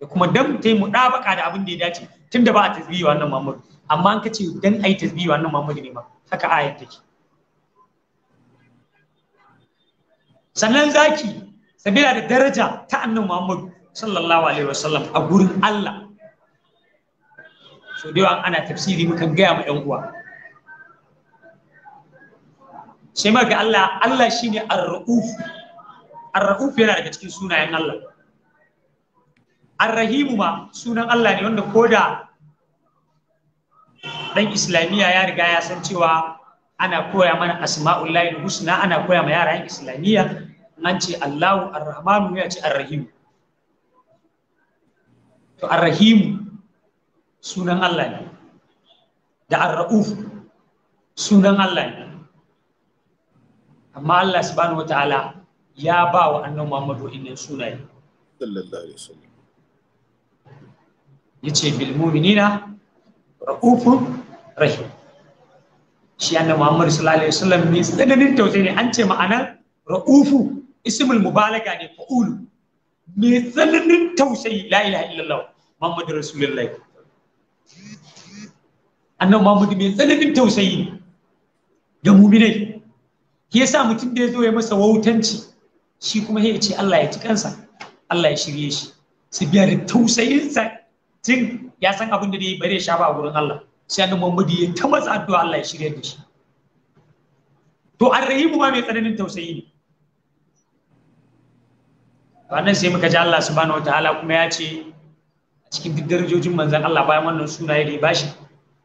da kuma dan tai mu dabaka da abin da ya dace tunda ba a tasbihi wannan mamur amma an kace dan ai tasbihi wannan mamur ne ma haka ayat take sannan zaki sabila da daraja ta annan Muhammad sallallahu alaihi wasallam a gurin Allah so da yawan ana tafsiri mukan gaya ma yan uwa sai ga Allah Allah shine ar-rauf ar-rauf yana daga cikin sunayen Allah ar-rahimu ma sunan Allah ne wanda koda dan islamiyya ya riga ya san cewa ana koya mana asma'ullahi husna ana koya ma yara yan islamiyya. an ce Allahu ar-rahmanu ya ce ar rahim to ar-rahimu sunan Allah ne da ar sunan Allah ne amma Allah subhanahu wataala ya ba wa annabi Muhammadu wa'annan sunaye sallallahu alaihi wasallam yace bil mu'minina ra'ufun rahim shi annabi Muhammadu sallallahu alaihi wasallam ne tsananin tausayi ne an ce ma'ana ra'ufu ismul mubalaga ne fa'ulu mai tsananin tausayi la ilaha illallah Muhammadu Rasulullahi annabi Muhammadu mai tsananin tausayi ga muminai ya sa mutum da ya zo ya masa wautanci shi kuma ya ce Allah ya ci kansa Allah ya shirye shi su biya da tausayinsa tun ya san abin da ya bare sha ba a gurin Allah sai annabi Muhammadu ya ta matsa addu'a Allah ya shirye da shi to arrahimu ma mai tsananin tausayi ne to nan sai muka ji Allah subhanahu wataala kuma ya ce a cikin duk darajojin manzan Allah bayan wannan sunaye da ya bashi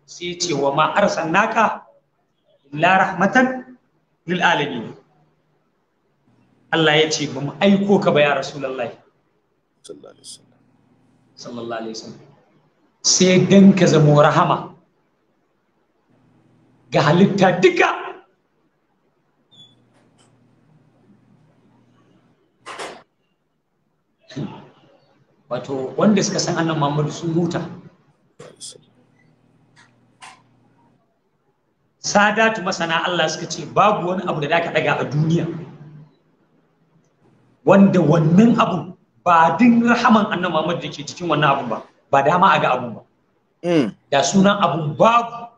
sai ya ce wa ma arsalnaka la rahmatan lil alamin Allah ya ce ba mu aiko ka ba ya rasulullahi sallallahu alaihi wasallam sai dan ka zama rahama ga halitta duka wato wanda suka san annan muhammadu sun huta sadatu masana Allah suka ce babu wani abu da da ka daga a duniya wanda wannan abu ba din rahaman annan muhammadu da ke cikin wannan abu ba ba dama a ga abu ba hmm. da sunan abu babu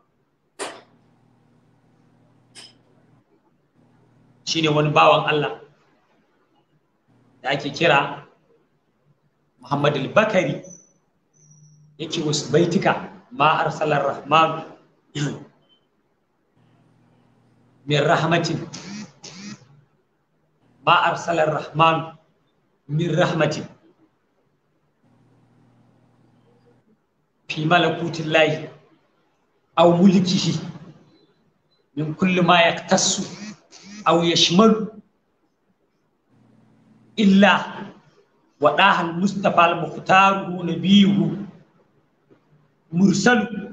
shine wani bawan Allah da ake kira Muhammad al-Bakari yake wasu baitika ma arsalar rahman min rahmatin ma arsalar rahman min rahmatin fi malakutin lahi aw mulkihi min kulli ma yaktassu aw yashmalu illa وضاح المصطفى المختار نبيه مرسل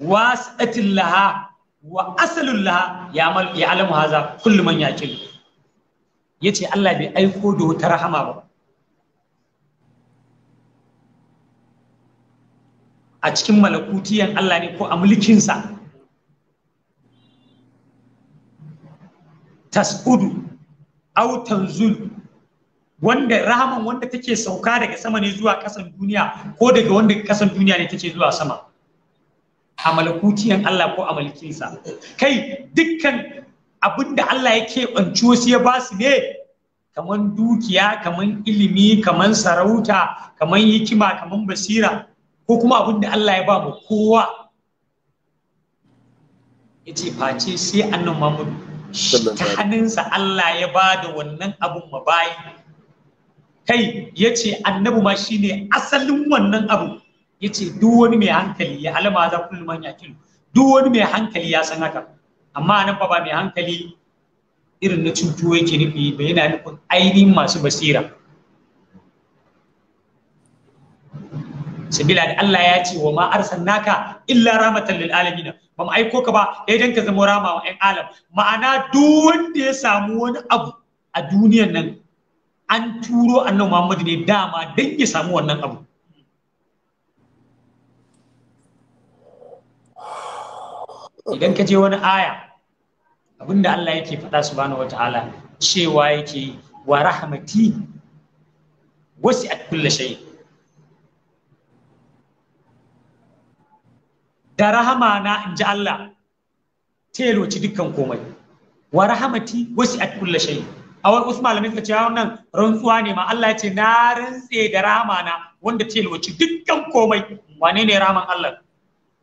واسأة لها وأصل لها يعمل يعلم هذا كل من يعقل yace Allah bai aiko da wata rahama ba a cikin malakutiyan Allah ne ko a mulkinsa tas'udu autanzul wanda rahman wanda take sauka daga sama ne zuwa kasan duniya ko daga wanda kasan duniya ne take zuwa sama a malakutiyan Allah ko a malikinsa kai dukkan abin Allah ya keɓanci wasu ya ba su ne kaman dukiya kaman ilimi kaman sarauta kaman hikima kaman basira ko kuma abin Allah ya ba mu kowa ya ce face sai annan mamudu ta hannunsa Allah ya ba da wannan abun ma kai ya ce annabi ma shine asalin wannan abu ya ce duk wani mai hankali ya alama za kullum ya yakin duk wani mai hankali ya san haka amma nan ba mai hankali irin na cutu yake nufi ba yana nufin ainihin masu basira sabila da Allah ya ce wa ma arsalnaka illa rahmatan lil alamin ba mu aiko ka ba eh dan ka zama rama wa ƴan alam ma'ana duk wanda ya samu wani abu a duniyar nan an turo annabi Muhammadu ne dama dan ya samu wannan abu idan ka je wani aya abinda Allah yake faɗa subhanahu wataala cewa yake wa rahmati wasi'at kulli shay'in da rahama na in ji Allah teloci dukkan komai wa rahamati wasi at shayi A wani wasu malamai suka ce ah, wannan rantsuwa ne ma Allah ya ce na rantse da rahama na wanda teloci dukkan komai wane ne rahaman Allah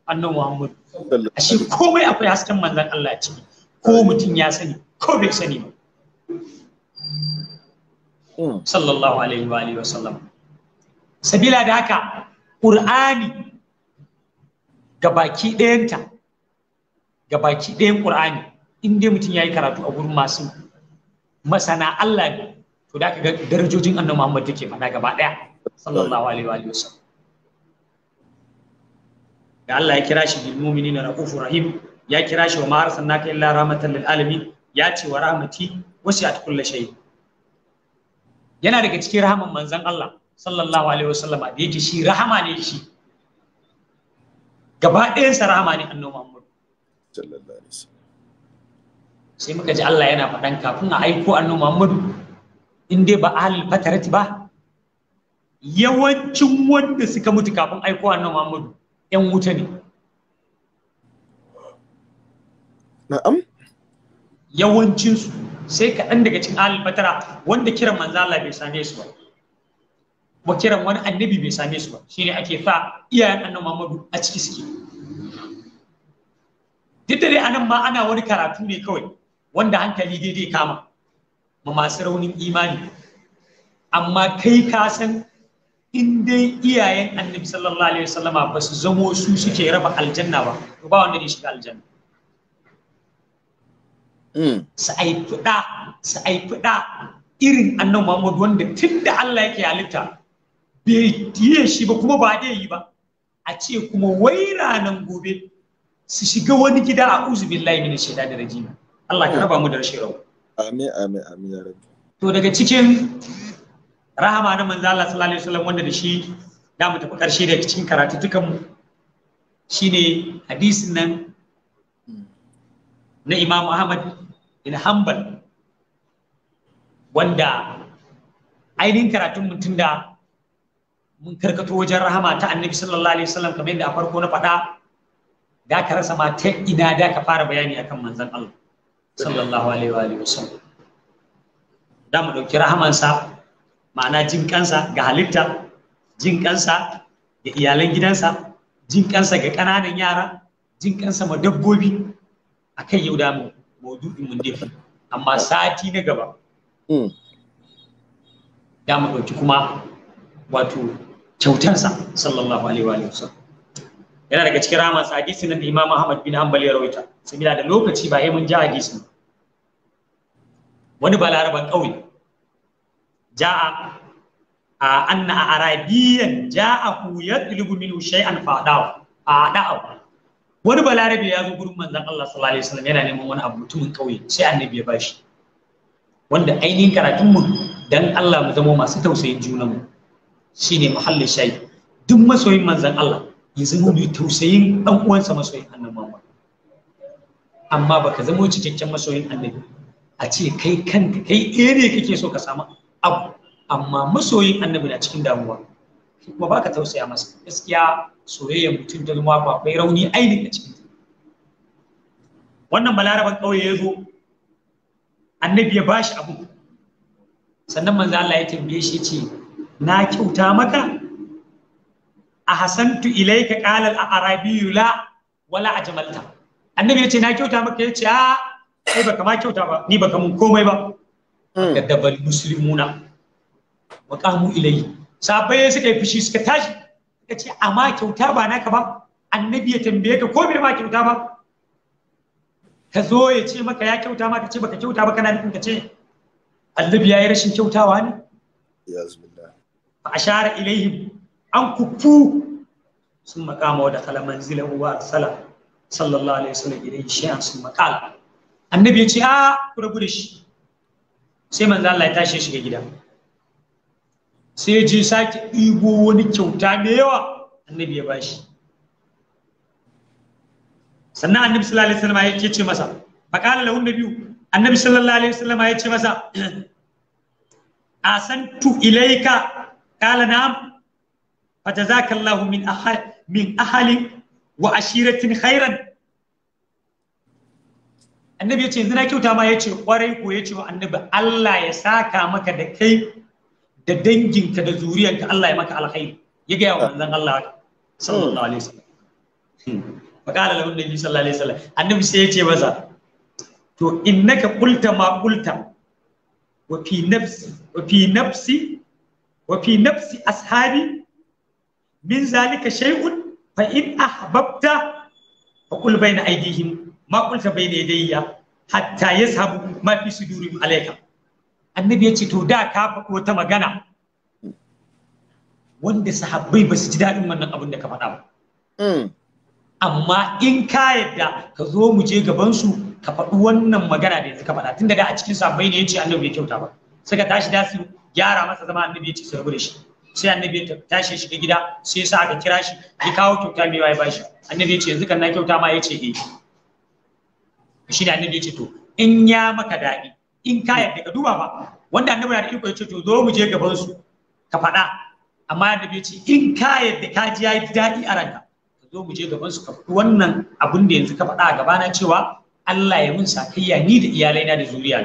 Muhammadu. Muhammad shi komai akwai hasken manzan Allah ce ko mutum ya sani ko bai sani ba hmm. sallallahu alaihi wa sallam sabila da haka qur'ani gabaki ɗayanta gabaki ɗayan ƙur'ani in dai mutum ya yi karatu a gurin masu masana Allah ne to da ga darajojin annabi Muhammad take faɗa gaba ɗaya sallallahu alaihi wa sallam da Allah ya kira shi bil mu'minina raufur rahim ya kira shi wa ma arsalnaka illa rahmatan lil alamin ya ce wa rahmati wasi'at kulli shay yana daga cikin rahaman manzon Allah sallallahu alaihi wa sallama da yake shi rahama ne shi gaba ɗayan sa ne annabi Muhammad sai muka ji Allah yana faɗan kafin a aiko annabi Muhammad in dai ba ahlul fatarati ba yawancin wanda suka mutu kafin aiko annabi Muhammad ƴan wuta ne na'am yawancinsu sai kaɗan daga cikin ahlul fatara wanda kiran manzo Allah bai same su ba wa kiran wani annabi bai same su ba shine ake sa iyayen annabi Muhammadu a ciki suke duk da dai anan ma ana wani karatu ne kawai wanda hankali daidai kama ma masu raunin imani amma kai ka san in dai iyayen annabi sallallahu alaihi wasallama ba su zamo su suke raba aljanna ba ba wanda ne shiga aljanna hmm. su aifuda su aifuda irin annabi Muhammadu wanda tun da Allah yake halitta bai yi shi ba kuma ba dai yi ba a ce kuma wai ranan gobe su shiga wani gida a uzu billahi min da rajim Allah ka raba mu da rashin rawa amin amin amin ya rabbi to daga cikin rahama na manzo Allah sallallahu alaihi wasallam wanda da shi da mu tafi karshe da cikin karatu dukan mu shine hadisin nan na Imam Ahmad bin Hanbal wanda ainihin karatun mutum da mun karkato wajen rahama ta annabi sallallahu alaihi wasallam kamar yadda a farko na faɗa da ka rasa mata ta ina da ka fara bayani akan manzon Allah sallallahu alaihi wa sallam da mu dauki rahamansa ma'ana jin kansa ga halitta jin kansa ga iyalan gidansa jin kansa ga kananan yara jin kansa ma dabbobi akan yau da mu maudu'in mun dafi amma sati na gaba da hmm. mu dauki kuma wato kyautarsa sallallahu alaihi wa sallam yana daga cikin rahama sa hadisi na Imam Ahmad bin Hanbal ya rawaita sabila da lokaci ba mun ja hadisi wani laraban kauye ja'a a anna arabiyan ja'ahu yatlubu minhu shay'an a da'a wani balarabe ya zo gurin manzon Allah sallallahu alaihi wasallam yana neman wani abu mutumin kauye sai annabi ya bashi wanda ainihin karatun mu dan Allah mu zama masu tausayin junanmu shine mahallin shayi duk masoyin manzan Allah ya zama yi tausayin dan uwansa masoyin annabi Muhammad amma baka zama cikakken masoyin annabi a ce kai kanka kai ɗaya ne kake so ka samu abu amma masoyin annabi na cikin damuwa kuma baka tausaya masa gaskiya soyayyar mutum ta zama ba bai rauni ainihin a cikin wannan balaraban ƙauye ya zo annabi ya bashi abu sannan manzo Allah ya tambaye shi ce na kyauta maka a hasantu ka qala al Arabiyu la wala ajmalta annabi yace na kyauta maka yace a kai baka ma kyauta ba ni baka mun komai ba hmm. kadabbal muslimuna wa qamu ilayhi sabai suka yi fushi suka tashi suka ce amma kyauta ba naka ba annabi ya tambaye ka ko bai ma kyauta ba ka zo ya ce maka ya kyauta ma ka ce baka kyauta ba kana nufin ka ce annabi ya yi rashin kyautawa ne fa ashara ilaihim an kufu sun makama da kala manzila wa sala sallallahu alaihi wasallam idan shi'an sun makala annabi ya ce a ku rabu shi sai manzo Allah ya tashi shiga gida sai ya je sake ɗigo wani kyauta da yawa annabi ya bashi sannan annabi sallallahu alaihi wasallam ya ce masa faqala lahu nabiyyu annabi sallallahu alaihi wasallam ya ce masa asantu ilaika قال نعم فجزاك الله من أهل من أهل وعشيرة خيرا annabi ya ce na kyauta ma ya ce kwarai ko annabi Allah ya saka maka da kai da danginka da zuriyanka Allah ya maka alkhairi ya gaya wa manzon Allah sallallahu alaihi wasallam fa qala lahu nabi sallallahu annabi sai ya masa to innaka qulta ma qulta wa fi nafsi nafsi wa fi nafsi ashabi min zalika shay'un fa in ahbabta fa qul bayna aydihim ma qulta bayna yadayya hatta yashabu ma fi sudurihim alayka annabi yace to da ka faɗi wata magana wanda sahabbai ba su ji daɗin wannan abin da ka faɗa ba mm. amma in ka yadda ka zo mu je gabansu ka faɗi wannan magana da yanzu ka faɗa tun daga a cikin sahabbai ne annabi ya kyauta ba suka tashi da su gyara masa zama annabi ya ce su rabu da shi sai annabi ya tashi shiga gida sai sa aka kira shi ya kawo kyauta mai waye bashi annabi ya ce yanzu kan na kyauta ma ya ce eh shi da annabi ya ce to in ya maka daɗi in ka yadda ka duba ba wanda annabi yana da iko ya ce to zo mu je gaban su ka faɗa amma annabi ya ce in ka yadda ka ji yayi daɗi a ranka ka zo mu je gaban su ka faɗi wannan abin da yanzu ka faɗa a gabana cewa Allah ya mun sakayya ni da iyalaina da zuriya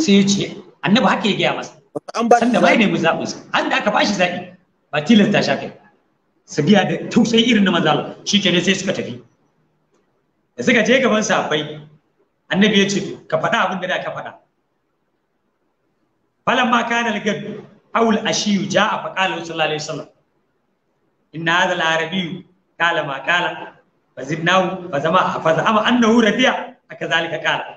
sai ya ce annabi haka ya gaya masa san da bai nemi zaɓin sa an da aka bashi zaɓi ba tilasta shi kai su biya da tausayi irin na manzo Allah shikenan sai suka tafi da suka je gaban bai annabi ya ce ka faɗa abin da da ka faɗa ma kana lagad gad aw al-ashiyu ja'a fa qala sallallahu alaihi wasallam inna hadha al arabiy qala ma qala fazidnahu fazama fazama annahu rabi'a akazalika qala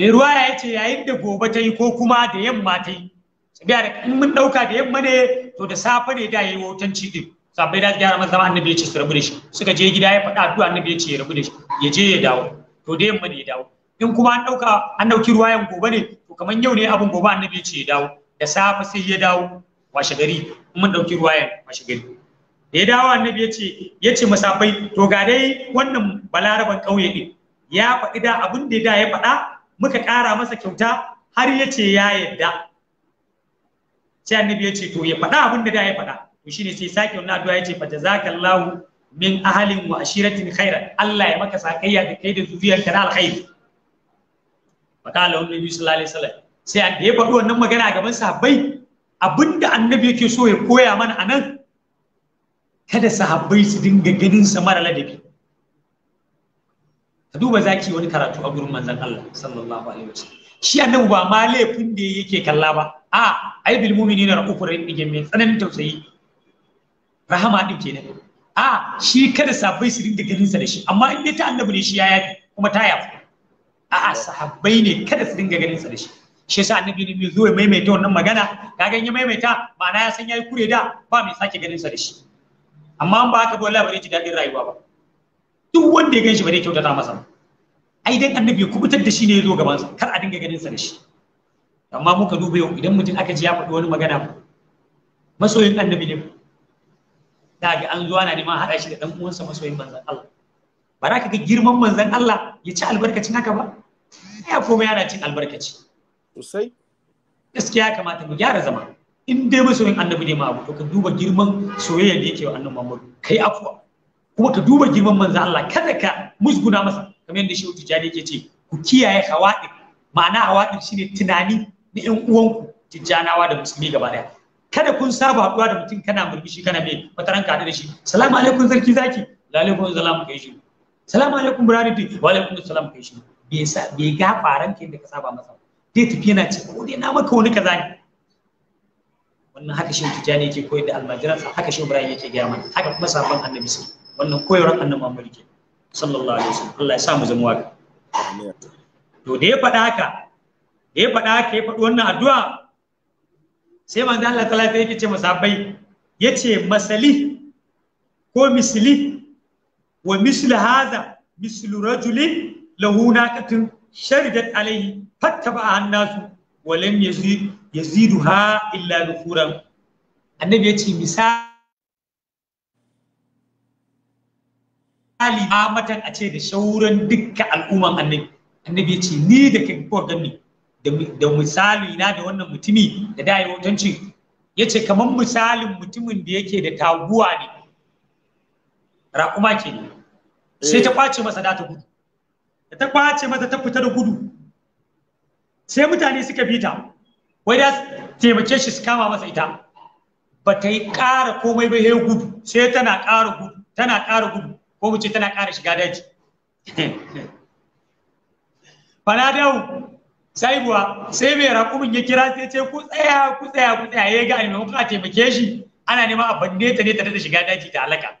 mai ruwa ya ce yayin da gobe ta yi ko kuma da yamma ta yi sabiya da in mun dauka da yamma ne to da safe ne da yayi ci din sabai da gyara maza annabi ya ce su rabu da shi suka je gida ya faɗa addu'a annabi ya ce rabu da shi ya je ya dawo to da yamma ne ya dawo in kuma an dauka an dauki yan gobe ne to kamar yau ne abin gobe annabi ya ce ya dawo da safe sai ya dawo washe gari in mun dauki yan washe gari da ya dawo annabi ya ce ya ce masafai to ga dai wannan balaraban kauye din ya faɗi da abin da ya faɗa muka ƙara masa kyauta har ya ce ya yadda sai annabi ya ce to ya faɗa abin da da ya faɗa to shine sai sake wannan addu'a ya ce fa jazakallahu min ahalin wa ashiratin khairan Allah ya maka sakayya da kai da zuriyarka na alkhairi fakala wani nabi sallallahu alaihi wasallam sai da ya faɗi wannan magana a gaban sahabbai abinda annabi yake so ya koya mana anan kada sahabbai su dinga ganin sa mara ladabi ka duba zaki wani karatu a gurin manzon Allah sallallahu alaihi wasallam shi annabi ba ma laifin da yake kalla ba a ai bil mu'minina ra'ufur rahim dige mai tsananin tausayi rahama din kenan a shi kada sabai su rinda ganin sa da shi amma in dai ta annabi ne shi ya yafi kuma ta yafi a a sahabbai ne kada su ringa ganin sa da shi shi yasa annabi ne zo ya maimaita wannan magana kaga ya maimaita ma'ana ya san yayi kure da ba mai sake ganin sa da shi amma an ba haka ba wallahi ba ji dadin rayuwa ba duk wanda ya ganshi ba zai kyautata masa ba ai dan annabi kubutar da shi ne ya zo gaban kar a dinga ganin sa da shi amma muka duba yau idan mutum aka ji ya faɗi wani magana masoyin annabi ne da ga an zuwa na neman haɗa shi da ɗan uwansa masoyin manzon Allah ba za ka ga girman manzon Allah ya ci albarkacin haka ba ya komai yana cin albarkaci sosai gaskiya kamata mu gyara zama in dai masoyin annabi ne ma abu to ka duba girman soyayya da yake wa annabi Muhammad kai afuwa kuma ka duba girman manzo Allah kada ka musguna masa kamar yadda shehu tijani yake ce ku kiyaye hawaɗin ma'ana hawaɗin shine tunani na ƴan uwanku tijjanawa da musulmi gaba daya kada kun saba haɗuwa da mutum kana murmushi kana mai wataran ka da shi salamu alaikum sarki zaki lalaikum salam kai shi salamu alaikum burhaniti wa alaikum salam kai shi bai sa bai ga faran kai da ka saba masa dai tafi yana ce ko dai na maka wani kaza ne wannan haka shi tijani yake koyar da almajiransa haka shi ibrahim yake gaya mana haka kuma sabon annabi sallallahu wannan koyarwar annabi Muhammad ke sallallahu alaihi wasallam Allah ya sa mu zama waka to da ya faɗa haka da ya faɗa haka ya faɗi wannan addu'a sai manzo Allah ta lafiya yake ce masabai yace masali ko misli wa misli hadha mislu rajulin lahu naqatun sharidat alayhi fattaba annasu wa lam yazid yaziduha illa nufuran annabi yace misali matan a ce da shauran dukkan al'umman annabi annabi ce ni da kai ko ganni da misali na da wannan mutumi da dai wutanci ya ce kamar misalin mutumin da yake da taguwa ne raƙuma ke ne sai ta kwace masa da ta gudu da ta kwace masa ta fita da gudu sai mutane suka bi ta wai da taimake shi su kama masa ita ba ta yi ƙara komai ba ya gudu sai tana ƙara gudu tana ƙara gudu ko mu ce tana ƙara shiga daji fanadau sai buwa sai mai raƙumin ya kira sai ce ku tsaya ku tsaya ku tsaya ya ga a maimakon a taimake shi ana neman a banne ta ne ta da shiga daji ta halaka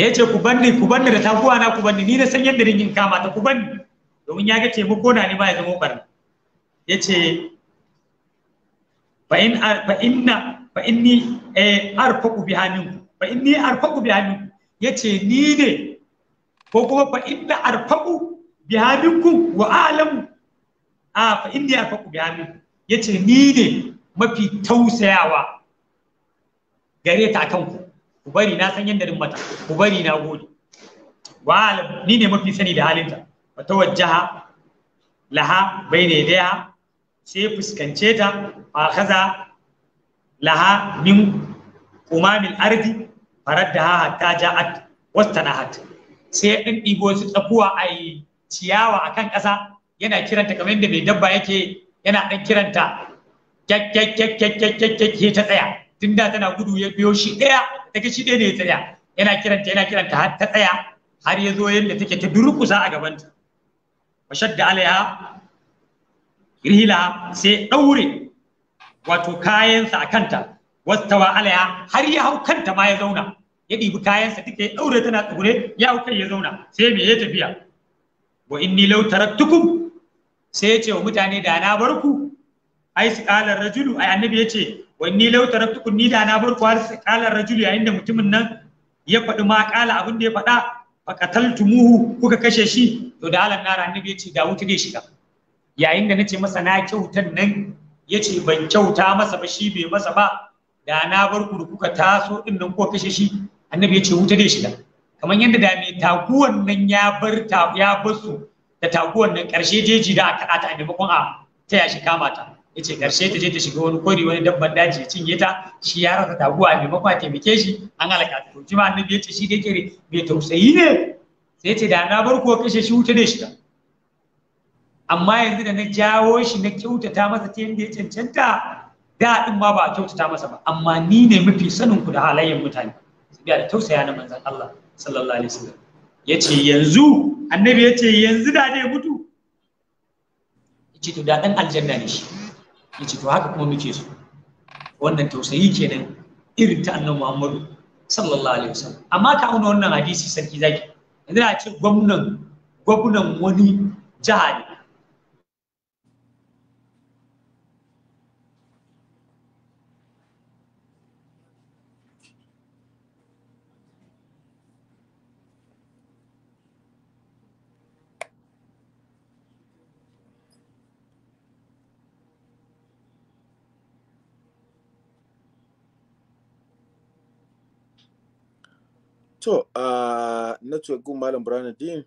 da ya ce ku banni ku banni da taguwa na ku banni ni na san yadda ringin kama ta ku banni domin ya ga taimako na ni ba ya zama barna ya ce fa in fa inna fa inni eh, arfaqu biha ku, fa inni arfaqu ku. Ya ce ni ne ko kuma fa inna arfaqu biha ku wa a'lamu a fa inni arfaqu biha Ya ce ni ne mafi tausayawa gare ta kanku ku bari na san yadda mata ku bari na gode wa ni ne mafi sani da halinta wa wajjaha laha bai ne daya, sai fuskance ta a kaza laha min umamil ardi faraddaha hatta ja'at hat sai ɗan ɗigo su tsakuwa a yi ciyawa a kan ƙasa yana kiranta kamar yadda mai dabba yake yana ɗan kiranta kyakkyakkyakkyakkyakkyakki ta tsaya tun da tana gudu ya biyo ɗaya ta shi ne tsaya yana kiranta yana kiranta har ta tsaya har ya zo yadda take ta durkusa a gabanta wa shadda alaiha rihila sai ɗaure wato kayansa a kanta wastawa alaiha har ya hau kanta ma ya zauna ya ɗibi kayansa duka ya ɗaure tana tsugure ya hau kai ya zauna sai me ya tafiya wa inni law taraktukum sai ya ce wa mutane da na bar ai su qala rajulu ai annabi ya ce wanni lau taraktukum ni da na bar ku har qala rajulu yayin da mutumin nan ya faɗi ma qala abin da ya faɗa fa qataltumuhu kuka kashe shi to da alan nara annabi ce da wuta zai shiga yayin da nace masa na kyautan nan yace ban kyauta masa ba shi bai masa ba da na bar ku kuka taso din nan ko kashe shi annabi yace wuta zai shiga kamar yadda da mai taguwan nan ya bar ya da taguwan nan ƙarshe jeji da aka ta a maimakon a taya shi kama ta yace karshe ta je ta shiga wani kori wani dabban daji ya cinye ta shi ya rasa taguwa maimakon a taimake shi an halaka ta to jima annabi yace shi da yake bai tausayi ne sai ce da na bar ko kashe shi wuta ne shi amma yanzu da na jawo shi na kyautata masa ta yadda ya cancanta da din ma ba a kyautata masa ba amma ni ne mafi sanin ku da halayen mutane biya da tausaya na manzon Allah sallallahu alaihi wasallam yace yanzu annabi yace yanzu da dai mutu yace to da dan aljanna ne shi yace to haka kuma muke so wannan tausayi kenan irin ta annabi Muhammadu sallallahu alaihi wasallam amma ka wannan hadisi sarki zaki yanzu a ce gwamnan gwamnan wani jiha ne To, uh, na gun Malam Burhanuddin.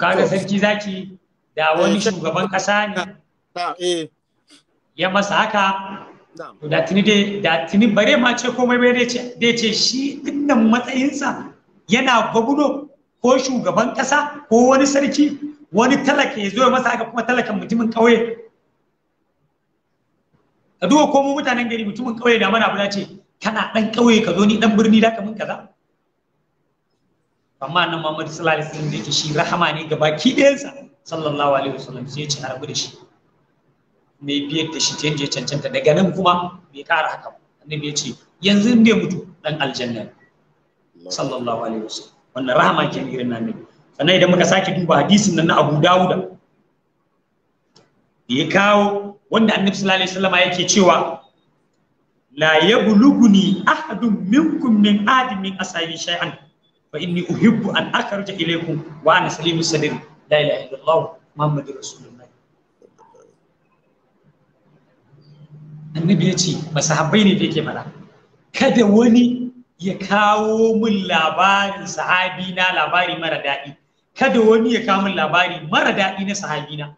kaga sarki zaki da eh, wani shugaban kasa ne eh. ya masa haka da tuni dai da tuni bare ma ce komai bai dai ce dai ce shi dinnan matsayinsa yana gwagwado ko shugaban ƙasa ko wani sarki wani talaka ya zo masa haka kuma talakan mutumin ƙauye a duba ko mu mutanen gari mutumin ƙauye da mana abu ce kana ɗan ƙauye ka zo ni ɗan birni da ka mun kaza amma annan Muhammadu sallallahu alaihi wasallam yake shi rahama ne ga baki ɗayansa sallallahu alaihi wasallam sai ya ci rabu da shi mai biyar da shi canje cancanta daga nan kuma bai ƙara haka annabi ya ce yanzu in mutu ɗan aljanna sallallahu alaihi wasallam wannan rahama ce irin nan ne sannan idan muka sake duba hadisin nan na Abu Dawuda ya kawo wanda Annabi sallallahu alaihi wasallam yake cewa la yabluguni ahadun minkum min ahadin asayi shay'an fa inni uhibbu an akhruja ilaykum wa ana salimu sadir la ilaha illallah muhammadur rasulullah annabi yace ce masahabbai ne da yake fara kada wani ya kawo min labarin sahabi na labari mara daɗi kada wani ya kawo min labari mara daɗi na sahabi na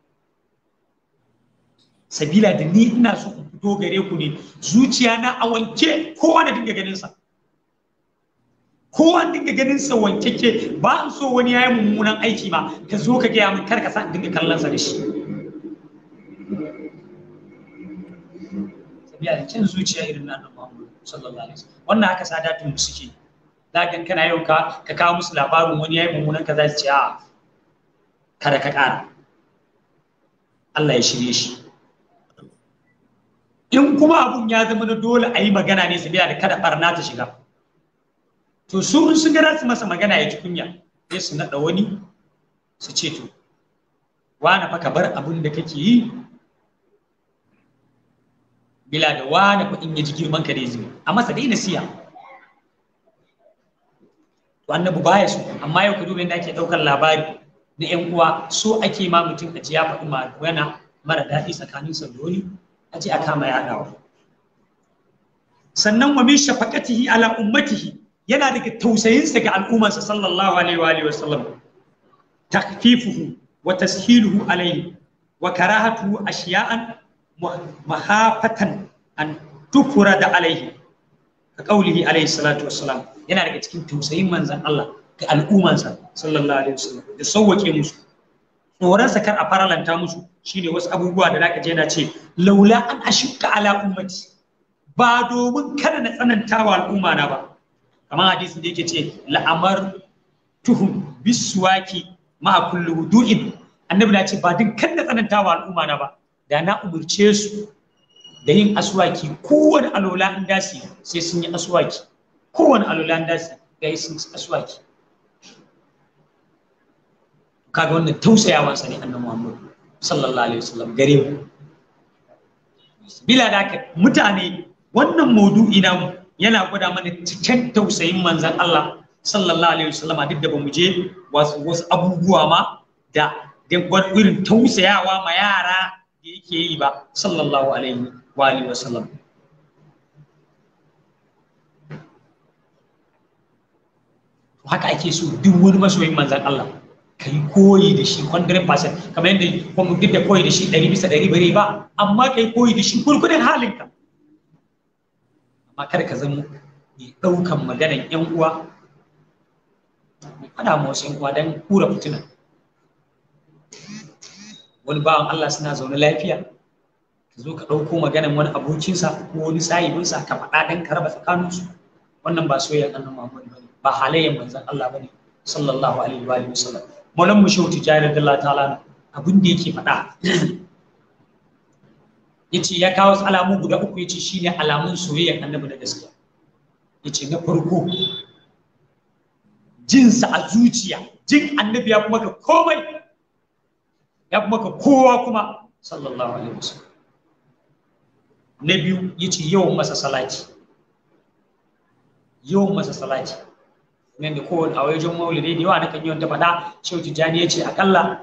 sabila da ni ina so in fito gare ku ne zuciya na a wanke kowa da dinga ganin sa kowa dinga ganin sa wankeke ba in so wani yayi mummunan aiki ma ka zo ka gaya min karka ka dinga kallon sa da shi sabila da can zuciya irin na annabawa sallallahu alaihi wasallam wannan haka sadatun mu suke zakin kana yau ka ka kawo musu labarin wani yayi mummunan kaza su ce a ah, kada ka kara Allah ya shirye shi in kuma abun ya zama na dole a yi magana ne sabiya da kada barna ta shiga to su sun su masa magana ya ji kunya sai su naɗa wani su ce to wani fa ka bar abin da kake yi bila da wani kuɗin ya ji girman ka da zai a masa dai nasiya to annabi baya su amma yau ka duba yadda ake daukar labari na yan uwa so ake ma mutum a ji ya faɗi mara daɗi tsakanin sa da a ji a kama yaɗawa sannan wa min shafaqatihi ala ummatihi yana daga tausayinsa ga al'ummarsa sallallahu alaihi wa alihi wasallam takfifuhu wa tashiluhu alaihi wa karahatuhu ashiya'an mahafatan an tufura da alaihi ka kaulihi alaihi salatu wassalam yana daga cikin tausayin manzan Allah ga al'ummansa sallallahu alaihi wasallam da sauwake musu tsoron kar a faralanta musu shine wasu abubuwa da zaka je na ce laula an ashqa ala ummati ba domin kada na tsananta wa al'umma na ba kamar hadisin da yake ce la'amar tuhum biswaki ma kullu du'in annabi na ce ba din kada na tsananta wa al'umma na ba da na umurce su da yin aswaki kowane alola in dasi sai sun yi aswaki kowane alola in dasi ga sun yi aswaki kaga wannan tausayawa sa annan annabi Muhammad sallallahu alaihi wasallam gare mu bila da mutane wannan maudu'i mu yana gwada mana cikin tausayin manzan Allah sallallahu alaihi wasallam duk da bamu je wasu wasu abubuwa ma da da irin tausayawa ma yara da yake yi ba sallallahu alaihi wa alihi wa sallam haka ake so duk wani masoyin manzan Allah ka yi koyi da shi 100% kamar yadda kuma duk da koyi da shi 100 bisa 100 bare ba amma ka yi koyi da shi gurgudun halinka amma kada ka zama mai ɗaukan maganar 'yan uwa faɗa ma wasu 'yan uwa don kura fitina wani bawan Allah suna zaune lafiya ka zo ka ɗauko maganan wani abokinsa ko wani sahibinsa ka faɗa dan ka raba tsakaninsu wannan ba soyayyar annabi Muhammad bane ba halayen manzon Allah bane sallallahu alaihi wa alihi wasallam mu shehu tijari Allah ta'ala abin da yake faɗa yace ya kawo alamu guda uku yace shine alamun soyayyar annabi na gaskiya yace na farko jinsa a zuciya jin annabi ya kuma ga komai ya fi maka kowa kuma sallallahu alaihi wasallam na biyu ya ce yawan masa salati yawan masa salati nan da kowane a wajen maulidi da yawa na kan yawan dafa faɗa shehu tijjani ya ce akalla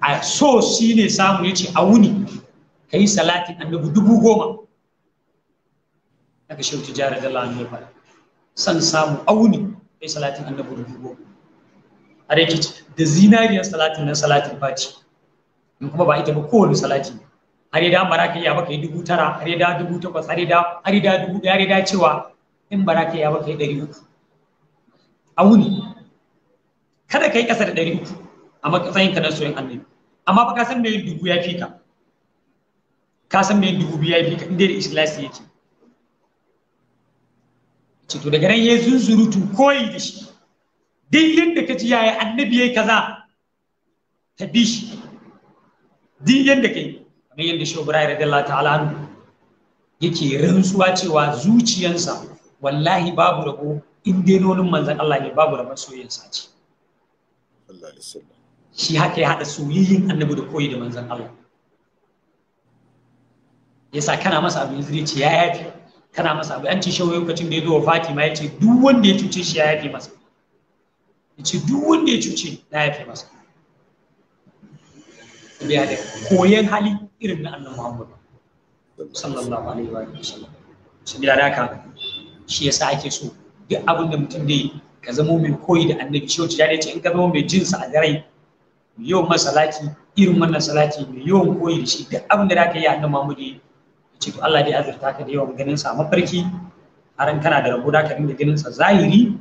a so shi ne samu ya ce a wuni ka yi salatin annabi dubu goma daga shehu tijjani da lalani ya san samu a wuni ka yi salatin annabi dubu goma a rikici da zinariyar salatin nan salatin fati in kuma ba ita ba kowane salati ne har ya da an ka ya baka yi dubu tara har ya da dubu takwas har ya da har ya da dubu ɗaya har ya da cewa in bara ya baka yi ɗari uku a wuni kada ka yi ƙasa da ɗari uku a matsayin ka na soyin annabi amma ba ka san me dubu ya fi ka ka san me dubu biyu ya fi ka inda da ikhlasi yake ce to daga nan ya zunzurutu koyi da shi duk yadda ka ji yaya annabi yayi kaza ka bi shi duk yadda kai kamar yadda shobrai radiyallahu ta'ala anhu yake rantsuwa cewa zuciyansa wallahi babu rabo in dai nonin manzon Allah ne babu rabon soyayyansa ce shi haka ya haɗa soyayyen annabi da koyi da manzon Allah yasa kana masa abin zuri ce ya yafi kana masa abin an ce shawo lokacin da ya zo wa Fatima ya ce duk wanda ya cuce shi ya yafi masa ya ce duk wanda ya cuce na yafe masa biya da koyon hali irin na annabi Muhammad sallallahu alaihi wa sallam su biya da haka shi yasa ake so duk abin da mutum dai ka zama mai koyi da annabi shi wacce ya ce in ka zama mai jin sa a garai mai yawan masalaki irin wannan salati mai yawan koyi da shi duk abin da za ka yi annabi Muhammad ya ce to Allah dai azurta ka da yawan ganin sa mafarki har kana da rabu da ka dinga ganin sa zahiri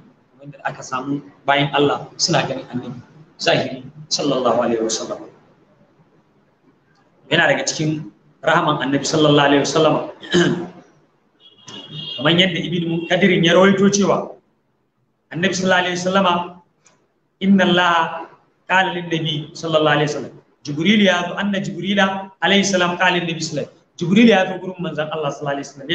wanda aka samu bayan Allah suna ganin annabi zahiri sallallahu alaihi wasallam yana daga cikin rahaman annabi sallallahu alaihi wasallam kamar yadda ibnu kadirin ya rawaito cewa annabi sallallahu alaihi wasallama inna Allah qala lin nabi sallallahu alaihi wasallam jibril ya zo anna jibrila alaihi salam qala lin nabi sallallahu jibril ya zo gurin manzon Allah sallallahu alaihi wasallam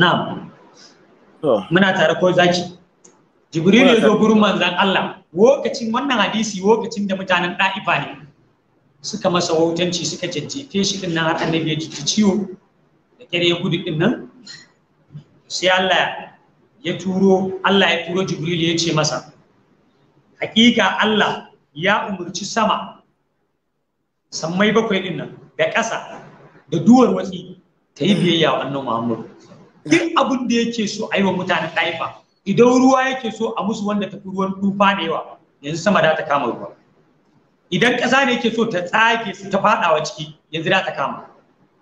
na'am muna tare ko zaki jibril ya zo gurin manzan Allah lokacin wannan hadisi lokacin da mutanen da'ifa ne suka masa wautanci suka jajjefe shi din nan har annabi ya ji ciwo da kare ya gudu din nan sai Allah ya turo Allah ya turo jibril ya ce masa hakika Allah ya umurci sama sammai bakwai din nan da ƙasa da duwar watsi ta yi biyayya wa annabi Muhammad duk abin da yake so a yi wa mutanen ɗaifa idan ruwa yake so a musu wanda tafi ruwan tufa da yawa yanzu sama da ta kama ruwa idan ƙasa ne yake so ta tsage su ta faɗawa ciki yanzu da ta kama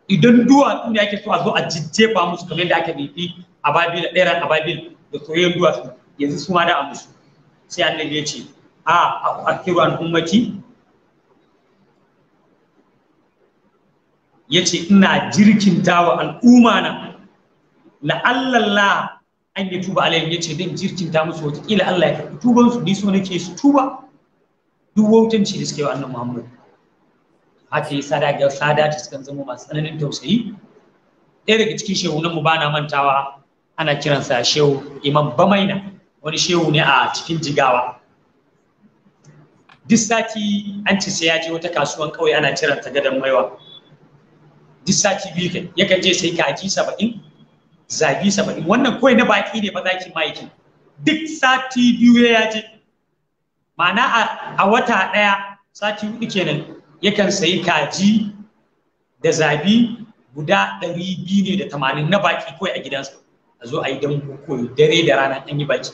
idan duwatsu ne yake so a zo a jijjefa musu kamar yadda ake bibi a babil da a babil da soyayyen duwatsu yanzu su ma da a musu sai annabi ya ce a akiru an ummati ya ce ina jirkinta wa al'umma na la an ya tuba ce yace dan ta musu wata kila Allah ya karbi tuban su ni so nake su tuba duk wautanci da suke wa annabi Muhammad haka yi sada ga sada ta sukan zama masu tsananin tausayi ɗaya daga cikin shehu nan mu bana mantawa ana kiransa shehu Imam Bamaina wani shehu ne a cikin jigawa duk sati an ce sai ya je wata kasuwan kauye ana ciranta gadon maiwa duk sati biyu kai yakan je sai kaji saba'in zagi saba'in wannan kawai na baki ne ba zaki ma'aikin duk sati biyu ya je ma'ana a wata ɗaya sati hudu kenan yakan sayi kaji da zabi guda ɗari biyu ne da tamanin na baki kawai a gidansa a zo a yi dambu koyo dare da rana an yi baki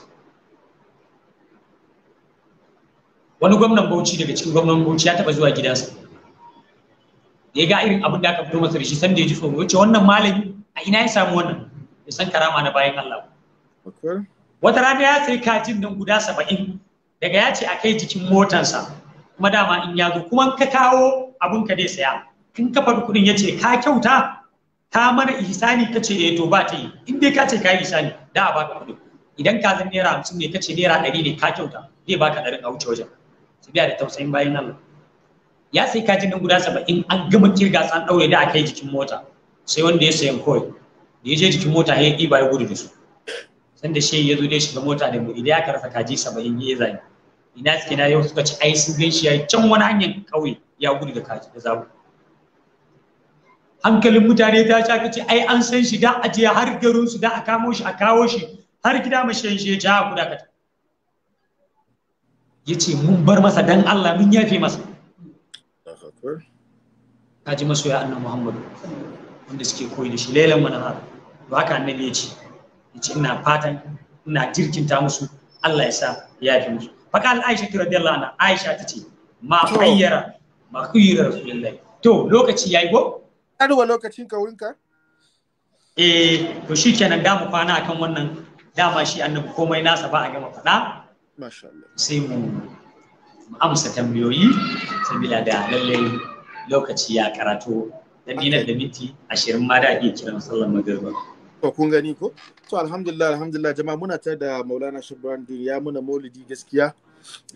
wani gwamnan bauchi daga cikin gwamnan bauchi ya taɓa zuwa gidansa da ya ga irin abin da aka fito masa da shi sanda ya ji tsoro ya ce wannan malami a ina ya samu wannan ya san karama na bayan Allah wata rana ya sayi kajin nan guda saba'in daga ya ce a kai jikin motansa kuma dama in ya zo kuma ka kawo abun ka dai saya in ka faɗi kuɗin ya ce ka kyauta ka mana ihsani ka ce eh to ba ta yi in dai ka ce ka yi ihsani da a baka kuɗi idan ka zan naira hamsin ne ka ce naira ɗari ne ka kyauta zai baka ɗarin a wuce wajen su biya da tausayin bayan Allah ya sai kajin nan guda saba'in an gama kirga san ɗaure da a kai jikin mota sai wanda ya sayan kawai da ya je jikin mota ya ɗiba ya gudu da su sanda shi ya zo dai shiga mota da mu idan ya karasa kaji saba'in ya zani ina suke na yau suka ci ai sun gan shi ya can wani hanyar ƙauye ya gudu da kaji da zabu hankalin mutane ta sha ce ai an san shi da a je har garin su da a kamo shi a kawo shi har gida mashiyan shi ya ja ku da kata ce mun bar masa dan Allah mun yafe masa kaji masoya Annan Muhammadu wanda suke koyi da shi lailan mana haka to haka annabi ya ce yace ina fatan ina jirkinta musu Allah ya sa ya yi musu faqal aisha radiyallahu anha aisha ta ce ma fayyara, ma khayyara rasulullahi to lokaci yayi go kaduwa lokacin ka wurinka eh to shikenan da mu kwana akan wannan dama shi annabi komai nasa ba a gama faɗa masha Allah sai mu amsa tambayoyi sabila da lallai lokaci ya karato dan dinar da minti ashirin ma da ake kiran sallar magariba To kun gani ko? To alhamdulillah alhamdulillah jama'a muna ta da Maulana Shibran ya muna maulidi gaskiya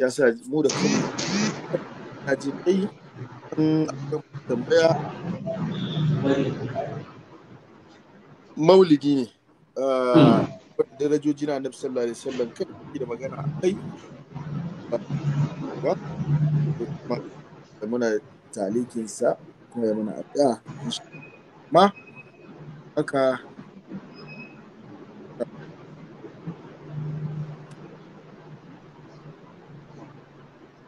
ya sa mu da kuma a ji dai tambaya maulidi ne ah, hmm. darajoji na annabi sallallahu alaihi wasallam kan da magana kai da muna talikinsa kuma ya muna addu'a ma haka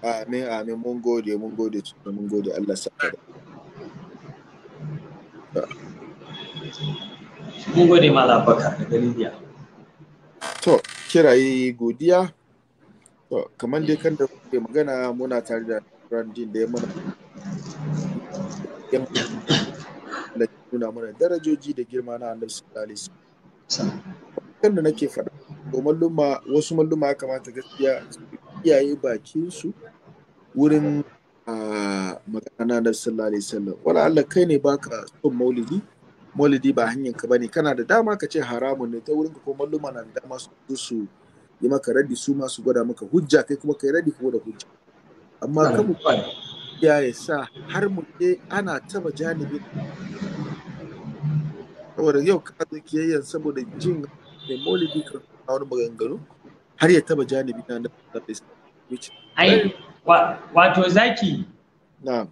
Amin, amin, mun gode, mun gode, mun gode, Allah sa Mun gode ma Bakar daga Libya. To, kiraye godiya. To, kamar dai kan da kuke magana muna tare da Brandin da ya mana da nuna mana darajoji da girma na Annabi sallallahu alaihi wasallam. Kan da nake faɗa, domin lumma wasu malluma ya kamata gaskiya kiyaye bakinsu wurin magana da sallallahu alaihi wasallam wala Allah kai ne baka son maulidi maulidi ba hanyar ka bane kana da dama ka ce haramun ne ta wurin ka ko malluma na da dama su su yi maka radi su ma su gwada maka hujja kai kuma kai raddi ko da hujja amma kamu ya ya sa har mu je ana taba janibi saboda yau ka kiyayyan saboda jin mai maulidi kan wani maganganu har ya taba janibi na ai wato zaki na'am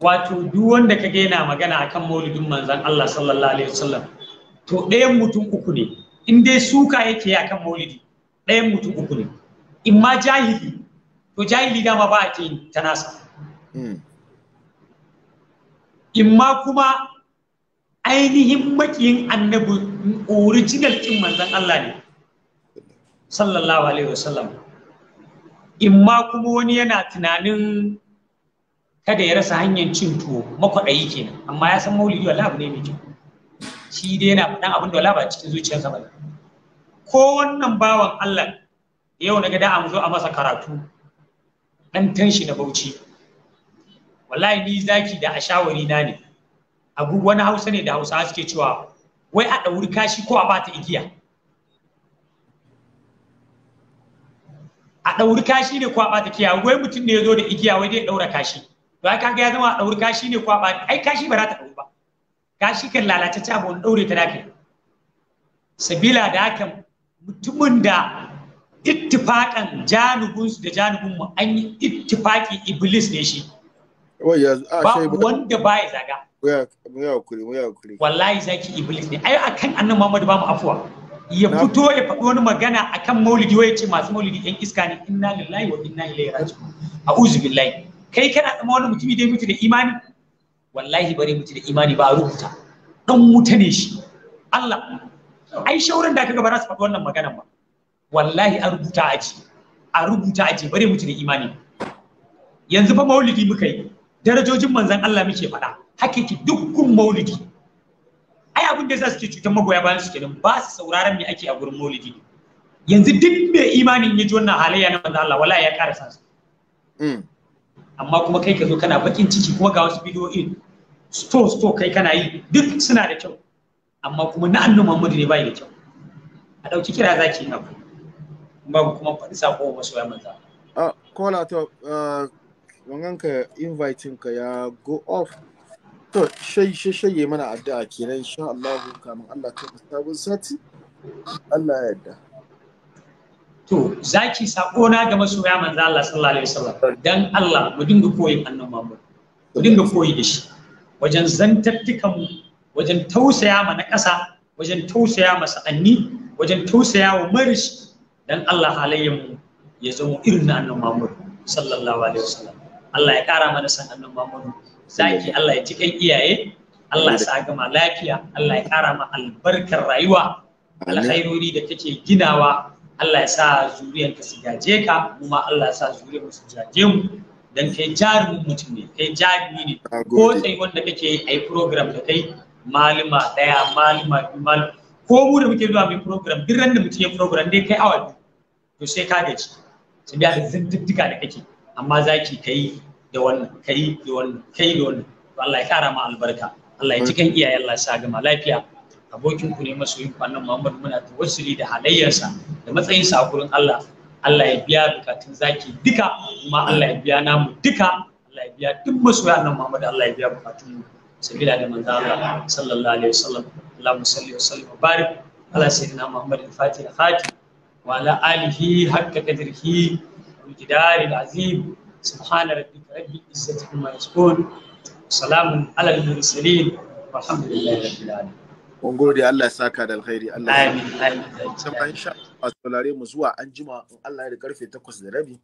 wato duk wanda ka gaina magana akan maulidin manzon Allah sallallahu alaihi wasallam to ɗayan mutum uku ne in dai suka yake akan maulidi ɗayan mutum uku ne in ma jahili to jahili dama ba a ce ta nasa hmm. in ma kuma ainihin makiyin annabi original ɗin manzon Allah ne sallallahu alaihi wasallam in ma kuma wani yana tunanin kada ya rasa hanyar cin tuwo makwaɗayi kenan amma ya san maulidi wallahi abu ne mai kyau shi dai yana faɗan abin da wallahi ba cikin zuciyarsa ba ko wannan bawan Allah yau na ga da an a masa karatu dan tanshi na bauchi wallahi ni zaki da ashawari na ne abu wani hausa ne da hausa suke cewa wai a ɗauri kashi ko a bata igiya a ɗauri kashi ne ko a ɓata kiya wai mutum ne ya zo da igiya wai zai ɗaura kashi to ai kaga ya zama a ɗauri kashi ne ko ɓata ai kashi ba za ta ɗauri ba kashi kan lalace ta bon ɗaure ta dafe sabila da haka mutumin da ittifaƙan su da mu an yi ittifaƙi iblis ne shi Ba wanda ba ya zaga wallahi zaki iblis ne ai akan annan muhammadu ba mu afuwa ya fito ya faɗi wani magana akan maulidi wai ce masu maulidi yan iska ne inna lillahi wa inna ilaihi raji'un a'udhu billahi kai kana zama wani mutumi da ya mutu da imani wallahi bare mutu da imani ba a rubuta dan wuta ne shi Allah ai shauran da kaga ba za su faɗi wannan maganan ba wallahi an rubuta a ji a rubuta a ji bare mutu da imani yanzu fa maulidi muka yi darajojin manzon Allah muke faɗa hakiki dukkan maulidi ai abin da za suke cutar magoya bayan su kenan ba su sauraron me ake a gurin maulidi yanzu duk mai imanin ya ji wannan halayya na manzo Allah wallahi ya karasa su hmm. amma kuma kai ka zo kana bakin ciki kuma ga wasu bidiyoyin sto sto kai kana yi duk suna da kyau amma kuma na annu Muhammadu ne bai da kyau a dauki kira zaki na ku babu kuma faɗi sako masu ya manzo ah kola to ah, wangan ka inviting ka ya go off To, shai shai mana addu'a kenan insha Allah kamun Allah ta sabon sati. Allah ya yadda. To, za ki sako na ga masoya manzo Allah sallallahu alaihi wasallam. Dan Allah mu dinga koyi annan mamu. Mu dinga koyi da shi. Wajen zantattukan mu, wajen tausaya ma na ƙasa, wajen tausaya ma sa'anni, wajen tausaya wa marish dan Allah halayyan mu ya zama irin na annan mamu sallallahu alaihi wasallam. Allah ya ƙara mana san annan mamu. zaki Allah ya cikin iyaye Allah ya sa gama lafiya Allah ya ƙara ma albarkar rayuwa alkhairori da kake ginawa Allah ya sa ka su gaje ka kuma Allah ya sa zuriyar su gaje mu dan kai jarumin mutum ne kai jarumi ne ko sai wanda kake ai program da kai malama daya malama mal ko mu da muke zuwa mai program duk ran da mutum ya program dai kai awa to sai ka gaji sai biya da zindiddiga da kake amma zaki kai da wannan kai da wannan kai da wannan Allah ya kara ma albarka Allah ya cikin iyayen Allah ya sa gama lafiya abokin ku ne masoyin ku annan Muhammad muna tawassuli da halayyarsa da matsayin sa a gurin Allah Allah ya biya bukatun zaki duka kuma Allah ya biya namu duka Allah ya biya duk masoyan annan Muhammad Allah ya biya bukatun mu sabila da manzo Allah sallallahu alaihi wasallam Allahumma salli wa sallim wa barik ala sayyidina Muhammad al-Fatih al alihi haqqa qadrihi wa jidari al azim. سبحان ربك رب العزة عما يصفون وسلام على المرسلين والحمد لله رب العالمين Ungodi Allah ya saka da alkhairi Allah ya amin amin sai bayan sha saurare mu zuwa an jima in Allah ya da karfe 8 da rabi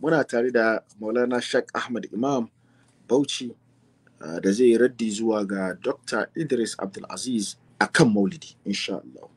muna tare da Maulana Sheikh Ahmad Imam Bauchi ah, da zai raddi zuwa ga Dr. Idris Abdul Aziz akan Maulidi insha Allah